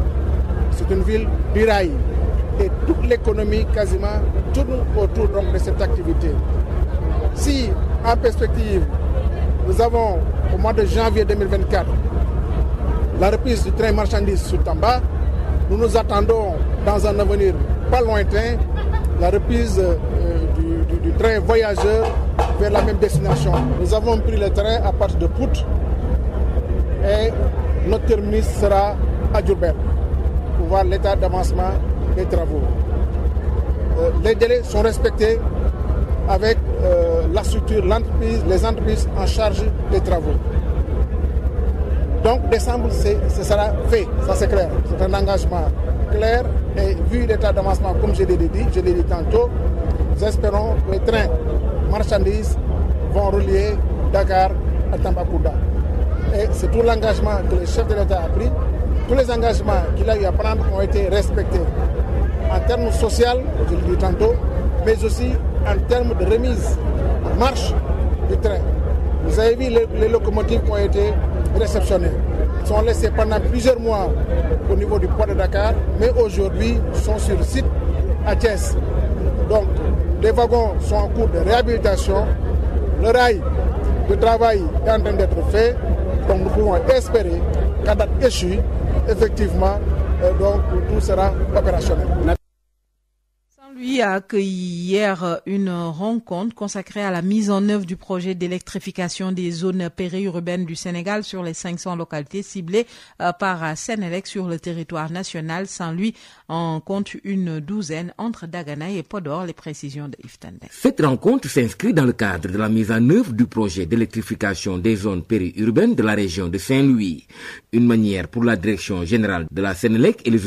C'est une ville du Et toute l'économie, quasiment, tourne de cette activité. en perspective, nous avons au mois de janvier 2024 la reprise du train marchandise sur Tamba. Nous nous attendons dans un avenir pas lointain la reprise euh, du, du, du, train voyageur vers la même destination. Nous avons pris le train à partir de poute et notre terminus sera à Djurbel pour voir l'état d'avancement des travaux. Euh, les délais sont respectés avec euh, la structure, l'entreprise, les entreprises en charge des travaux. Donc décembre, ce sera fait, ça c'est clair. C'est un engagement clair et vu l'état d'avancement, comme je l'ai dit, je l'ai dit tantôt, nous espérons que les trains marchandises vont relier Dakar à Tambacounda. Et c'est tout l'engagement que le chef de l'État a pris. Tous les engagements qu'il a eu à prendre ont été respectés. En termes social, je l'ai dit tantôt, mais aussi en termes de remise en marche du train. Vous avez vu les, les locomotives qui ont été réceptionnées. sont laissées pendant plusieurs mois au niveau du port de Dakar, mais aujourd'hui sont sur le site à Thiès. Donc, des wagons sont en cours de réhabilitation. Le rail de travail est en d'être fait. Donc, nous pouvons espérer qu'à date échue, effectivement, euh, donc, tout sera opérationnel. Paris a accueilli hier une rencontre consacrée la mise en œuvre du projet d'électrification des zones périurbaines du Sénégal sur les 500 localités ciblées euh, par Sénélec sur le territoire national. Saint-Louis en compte une douzaine entre Dagana et Podor, les précisions de Yves Tendeng. Cette rencontre s'inscrit dans le cadre de la mise en œuvre du projet d'électrification des zones périurbaines de la région de Saint-Louis. Une manière pour la direction générale de la Sénélec et les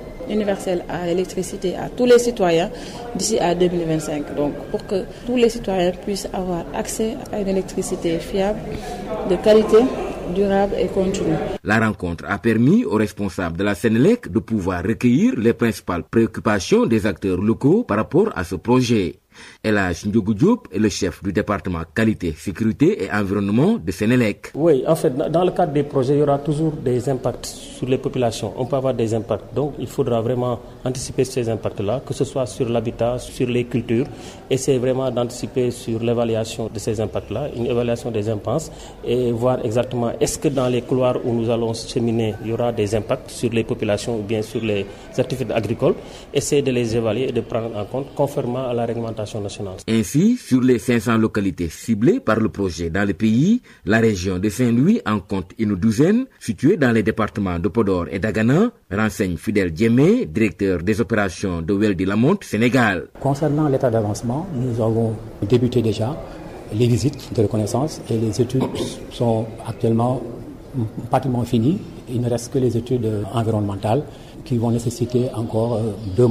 universelle à l'électricité à tous les citoyens à 2025. Donc pour que tous les citoyens puissent avoir accès à une électricité fiable, de qualité, durable et La rencontre a permis aux responsables de la Sénélec de pouvoir recueillir les principales préoccupations des acteurs locaux par rapport à ce projet. El Hadj Ndiogou Diop est le chef du département qualité, sécurité et environnement de Sénélec. Oui, en fait, dans le cadre des projets, il y aura toujours des impacts sur les populations. On peut avoir des impacts. Donc, il faudra vraiment anticiper ces impacts-là, que ce soit sur l'habitat, sur les cultures. Essayer d'anticiper sur l'évaluation de ces impacts-là, une et voir exactement est-ce que dans les couloirs où nous allons cheminer, il y aura des impacts sur les populations nationale. Ainsi, sur les 500 localités ciblées par le projet dans le pays, la région de Saint-Louis en compte une douzaine, située dans les départements de Podor et d'Agana, renseigne Fidel Djemé, directeur des opérations de Weldi Lamonte, Sénégal. Concernant l'état d'avancement, nous avons débuté déjà les visites de reconnaissance et les études sont actuellement pratiquement finies. Il ne reste que les études environnementales qui vont nécessiter encore euh, deux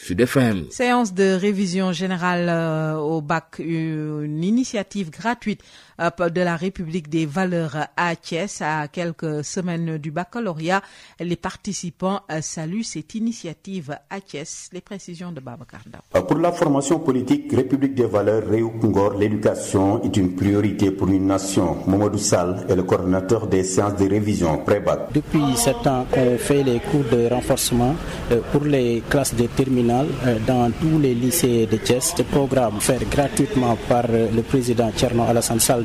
Sud FM. Séance de révision générale euh, au bac, une initiative gratuite de la République des valeurs à Thiès à quelques semaines du baccalauréat. Les participants euh, saluent cette initiative à Thiès. Les précisions de Babacar Ndaw. Euh, pour la formation politique, République des valeurs Réew Ngor, l'éducation est une priorité pour une nation. Mamadou Sall est le coordinateur des séances de révision pré-bac. Depuis sept ans, on fait les cours de renforcement euh, pour les classes de terminale dans tous les lycées de Thiès. Ce programme par le président Thierno Alassane Sall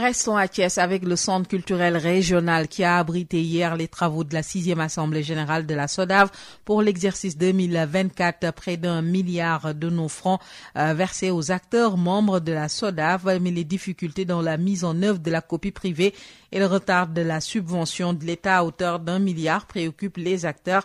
Restons à Thiès le centre culturel régional qui a abrité hier les travaux de la sixième de la SODAV pour l'exercice 2024. Près d'un milliard de nos francs euh, versés aux acteurs de la SODAV, mais les difficultés dans la mise en œuvre de la copie privée de la subvention de l'État à hauteur d'un milliard les acteurs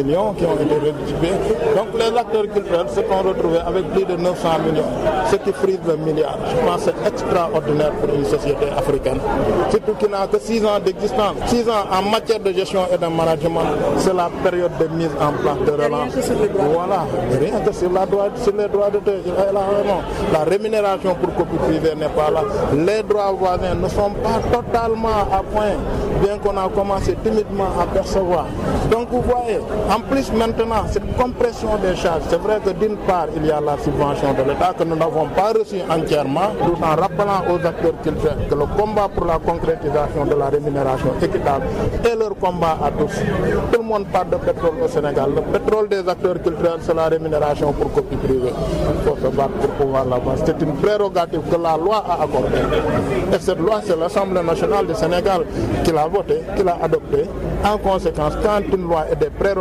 millions qui ont été redistribués. Donc les acteurs culturels se sont retrouvés avec plus de 900 millions, ce qui frise le milliard. Je pense que extraordinaire pour une société africaine. Surtout ans d'existence. ans en matière de gestion et de management, c'est la période de mise en place de relance. Voilà, rien que sur, la droit, sur les droits de vraiment. La là. Les ne sont pas totalement à point, bien qu'on a commencé timidement à percevoir. Donc vous voyez, En plus, maintenant, cette compression des charges, c'est vrai que d'une part, il y a la subvention de l'État que nous n'avons pas reçue entièrement, tout en rappelant aux acteurs culturels que le combat pour la concrétisation de la rémunération équitable est leur combat à tous. Tout le monde parle de pétrole au Sénégal. Le pétrole des acteurs culturels, c'est la rémunération pour copie privée. C'est une prérogative que la loi a accordée. Et cette loi, c'est l'a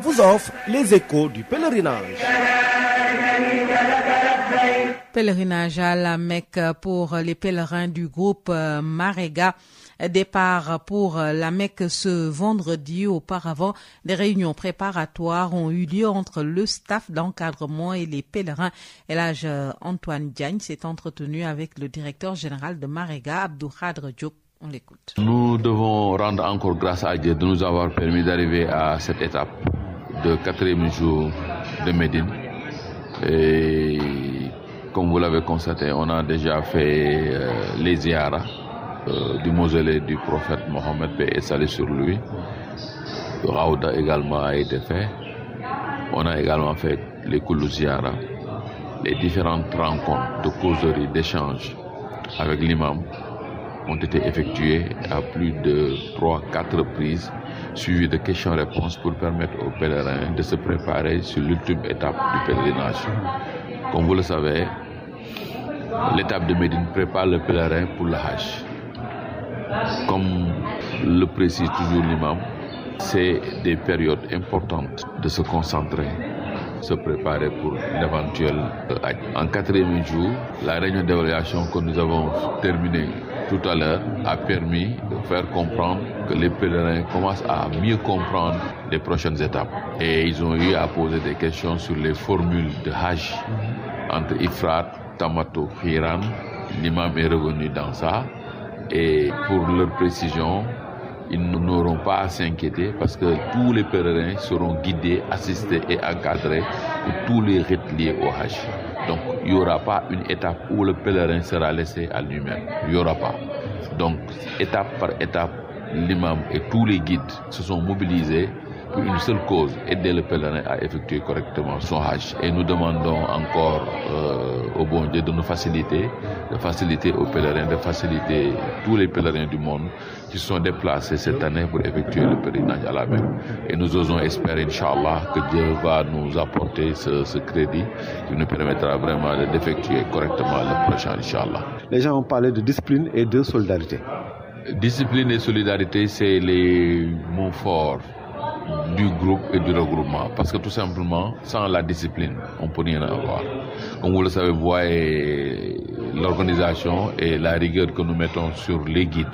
vous offre les échos du pèlerinage. Pèlerinage à la Mecque pour les pèlerins du groupe euh, Marega. Départ pour euh, la Mecque ce vendredi. Auparavant, des réunions préparatoires ont eu lieu entre le staff d'encadrement et les pèlerins. Elage euh, Antoine Diagne s'est entretenu avec le directeur général de Marega, Abdoukhadre On Nous devons rendre encore grâce à Dieu de nous avoir permis d'arriver à cette étape de quatrième jour de Médine. Et comme vous l'avez constaté, on a déjà fait euh, les ziyaras euh, du mausolée du prophète Mohammed et salut sur lui. Raouda également a été fait. On a également fait les Koulouziara, les différentes rencontres de causerie, d'échange avec l'imam ont été effectuées à plus de trois, quatre reprises, suivies de questions-réponses pour permettre aux pèlerins de se préparer sur l'ultime étape du pèlerinage. Comme vous le savez, l'étape de Médine prépare le pèlerin pour le Hajj. Comme le précise toujours l'imam, c'est des périodes importantes de se concentrer se préparer pour l'éventuel En quatrième jour, la réunion d'évaluation que nous avons terminée tout à l'heure a permis de faire comprendre que les pèlerins commencent à mieux comprendre les prochaines étapes. Et ils ont eu à poser des questions sur les formules de Hajj entre Ifrat, Tamato, Hiran. L'imam est revenu dans ça. Et pour leur précision, ils n'auront pas à s'inquiéter parce que tous les pèlerins seront guidés, assistés et encadrés pour tous les rites liés au Hajj. Donc, il n'y aura pas une étape où le pèlerin sera laissé à lui-même. Il n'y aura pas. Donc, étape par étape, l'imam et tous les guides se sont mobilisés pour une seule cause, aider le pèlerin à effectuer correctement son hajj. Et nous demandons encore euh, au bon Dieu de nous faciliter, de faciliter aux pèlerins, de faciliter tous les pèlerins du monde qui sont déplacés cette année pour effectuer le pèlerinage à la Mecque. Et nous osons espérer, Inch'Allah, que Dieu va nous apporter ce, ce crédit qui nous permettra vraiment d'effectuer correctement le prochain, Inch'Allah. Les gens ont parlé de discipline et de solidarité. Discipline et solidarité, c'est les mots forts du groupe et du regroupement. Parce que tout simplement, sans la discipline, on ne peut rien avoir. Comme vous le savez, vous l'organisation et la rigueur que nous mettons sur les guides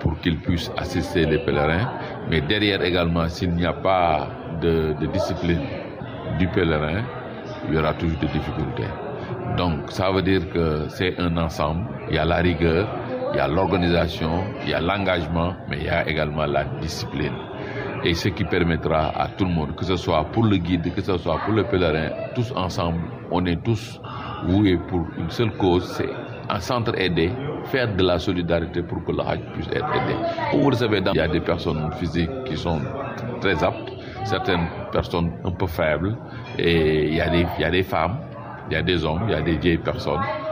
pour qu'ils puissent assister les pèlerins. Mais derrière également, s'il n'y a pas de, de discipline du pèlerin, il y aura toujours des difficultés. Donc ça veut dire que c'est un ensemble. Il y a la rigueur, il y il y a l'engagement, mais il y a également la discipline. et ce qui permettra à tout le monde, que ce soit pour le guide, que ce soit pour le pèlerin, tous ensemble, on est tous voués pour une seule cause, c'est s'entraider, faire de la solidarité pour que le Hajj puisse être aidé. Vous le savez, il y a des personnes physiques qui sont très aptes, certaines personnes un peu faibles, et des, il y a des femmes, il y a des hommes, il y a des vieilles personnes.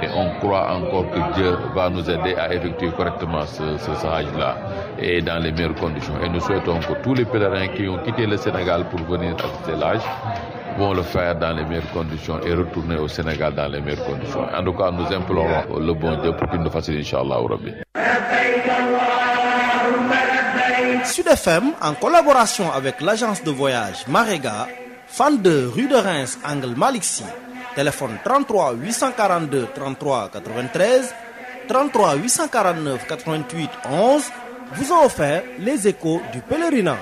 Et on croit encore que va nous aider à effectuer correctement ce, ce là et dans les meilleures conditions. Et nous souhaitons que tous les pèlerins qui ont quitté le Sénégal pour venir assister l'Hajj vont le faire dans les meilleures conditions et retourner au Sénégal dans les meilleures conditions. En tout cas, nous implorons le bon Dieu pour qu'il nous facilite, Inch'Allah, au Rabbi. Sud fan de rue de Reims, angle Malixi. téléphone 33 842 33 93 33 849 88 11 les échos du pèlerinage.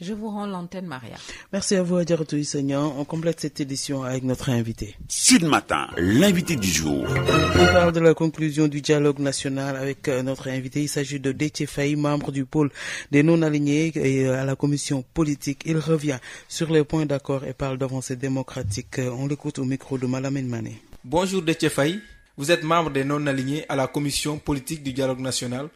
Je vous rends l'antenne, Maria. Merci à vous, Adjaratou Seigneur. On complète cette édition avec notre invité. Sud Matin, l'invité du jour. On parle de la conclusion du dialogue national avec euh, notre invité. Il s'agit de Détier Faye, membre du pôle des non-alignés et euh, à la commission politique. Il revient sur les points d'accord et parle d'avancées démocratiques. Euh, on l'écoute au micro de Malamine Mané. Bonjour Détier Faye. Vous êtes membre des non-alignés à la commission politique du dialogue national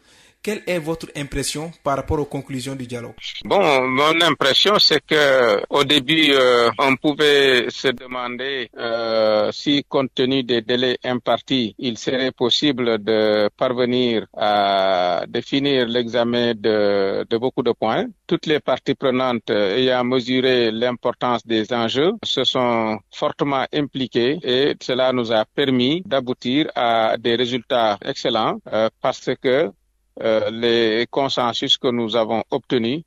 Quelle est votre impression par rapport aux conclusions du dialogue Bon, mon impression, c'est que au début, euh, on pouvait se demander euh, si, compte tenu des délais impartis, il serait possible de parvenir à définir l'examen de, de beaucoup de points. Toutes les parties prenantes euh, ayant mesuré l'importance des enjeux se sont fortement impliquées et cela nous a permis d'aboutir à des résultats excellents euh, parce que Euh, les consensus que nous avons obtenus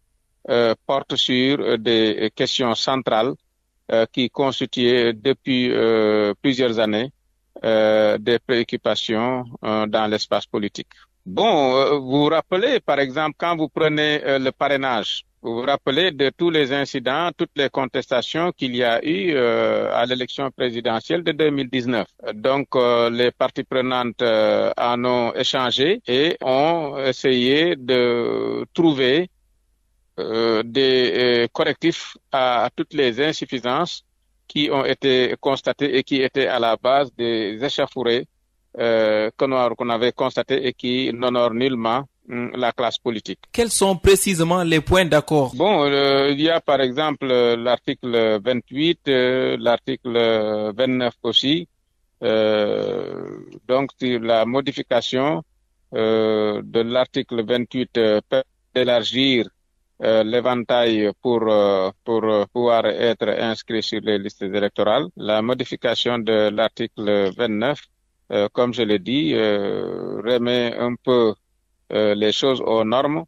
euh, portent sur euh, des questions centrales qui constituaient depuis plusieurs années des préoccupations dans l'espace politique. Bon, vous vous rappelez, par exemple, quand vous prenez le parrainage, Vous vous rappelez de tous les incidents, toutes les contestations qu'il y a eu euh, à l'élection présidentielle de 2019. Donc, euh, les prenantes euh, en ont échangé et ont essayé de trouver euh, des euh, correctifs à toutes les insuffisances qui ont été constatées et à la base des échafourées euh, qu'on avait constatées et qui Mm, la classe politique. Quels sont précisément les points d'accord Bon, euh, il y a par exemple l'article 28, euh, l'article 29 euh, aussi, euh, donc sur la modification euh, de l'article 28 d'élargir euh, l'éventail pour pour pouvoir être inscrit les listes électorales, la modification de l'article 29, comme je l'ai dit, remet un peu Euh, les choses aux normes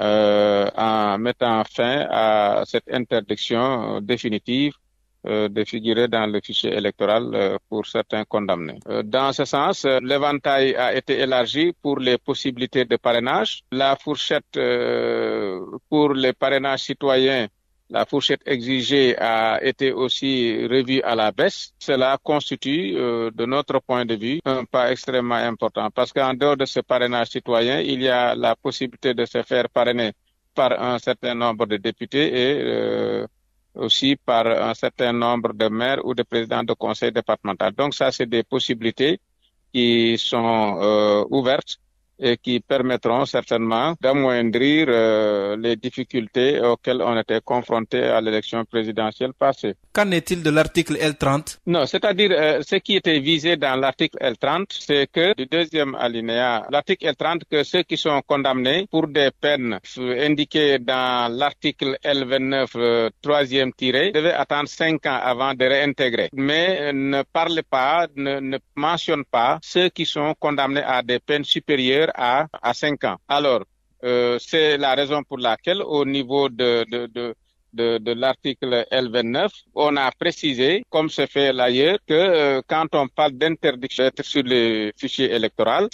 euh, en mettant fin à cette interdiction euh, définitive de figurer dans le fichier électoral pour certains condamnés. Dans ce sens, l'éventail a été élargi pour les possibilités de parrainage. La fourchette pour les parrainages citoyens La fourchette exigée a été aussi revue à la baisse. Cela constitue, euh, de notre point de vue, un pas extrêmement important parce qu'en dehors de ce parrainage citoyen, il y a la possibilité de se faire parrainer par un certain nombre de députés et euh, aussi par un certain nombre de maires ou de présidents de conseil départementaux. Donc ça, c'est des possibilités qui sont euh, ouvertes et qui permettront certainement d'amoindrir euh, les difficultés auxquelles on était confronté à l'élection présidentielle passée. Qu'en est-il de l'article L30 Non, c'est-à-dire euh, ce qui était visé dans deuxième alinéa, l'article L30 que ceux qui sont pour des peines euh, indiquées dans l'article L29 euh, troisième tiré devaient attendre avant de réintégrer. Mais euh, ne parle pas, ne, ne mentionne pas à des peines supérieures supérieur à, à 5 Alors, euh, c'est la raison pour laquelle au niveau de, de, de de, de l'article L29, on a précisé, comme se fait ailleurs, que euh, quand on parle d'interdiction d'être sur les fichiers électoraux,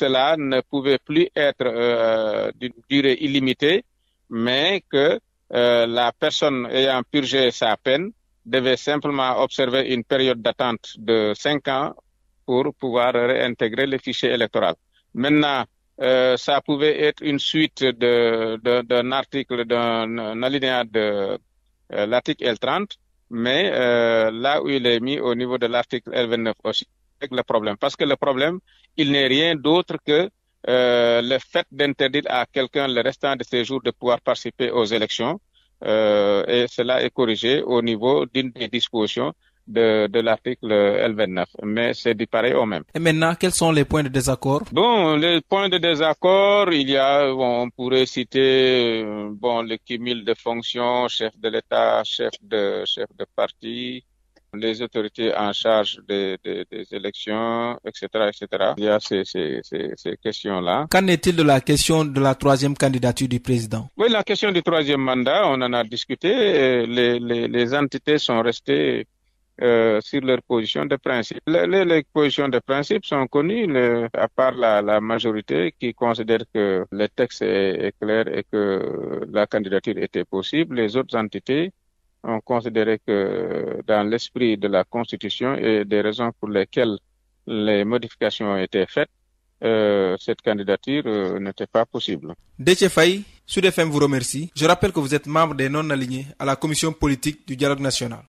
plus être euh, d'une mais que euh, la personne ayant purgé sa peine devait simplement observer une période d'attente de cinq ans pour pouvoir euh, ça pouvait être une suite de d'un article d'un alinéa de euh, l'article L30, mais euh, là où il est au niveau de l'article L29 aussi, avec le problème. que le problème, il n'est rien d'autre que euh, le fait d'interdire à quelqu'un le restant de ses jours de pouvoir participer aux élections, euh, et cela est corrigé au niveau d'une des dispositions de, de l'article L29. Mais c'est du pareil au même. Et maintenant, quels sont les points de désaccord Bon, les points de euh, de fonctions, chef de l'État, chef de, chef de les autorités en charge des, des, des, élections, etc., etc. Il y a ces, ces, la question de la troisième candidature du président Oui, la question euh, sur leur position de principe. Les, les, les, positions de principe sont connues, le, à part la, la, majorité qui considère que le texte est, est, et que la candidature était possible. Les autres entités ont considéré que euh, dans l'esprit de la Constitution et des raisons pour lesquelles les modifications ont été faites, euh, cette candidature euh, n'était pas possible. Déthié Faye, Sud FM vous remercie. Je rappelle que vous êtes membre des non-alignés à la commission politique du dialogue national.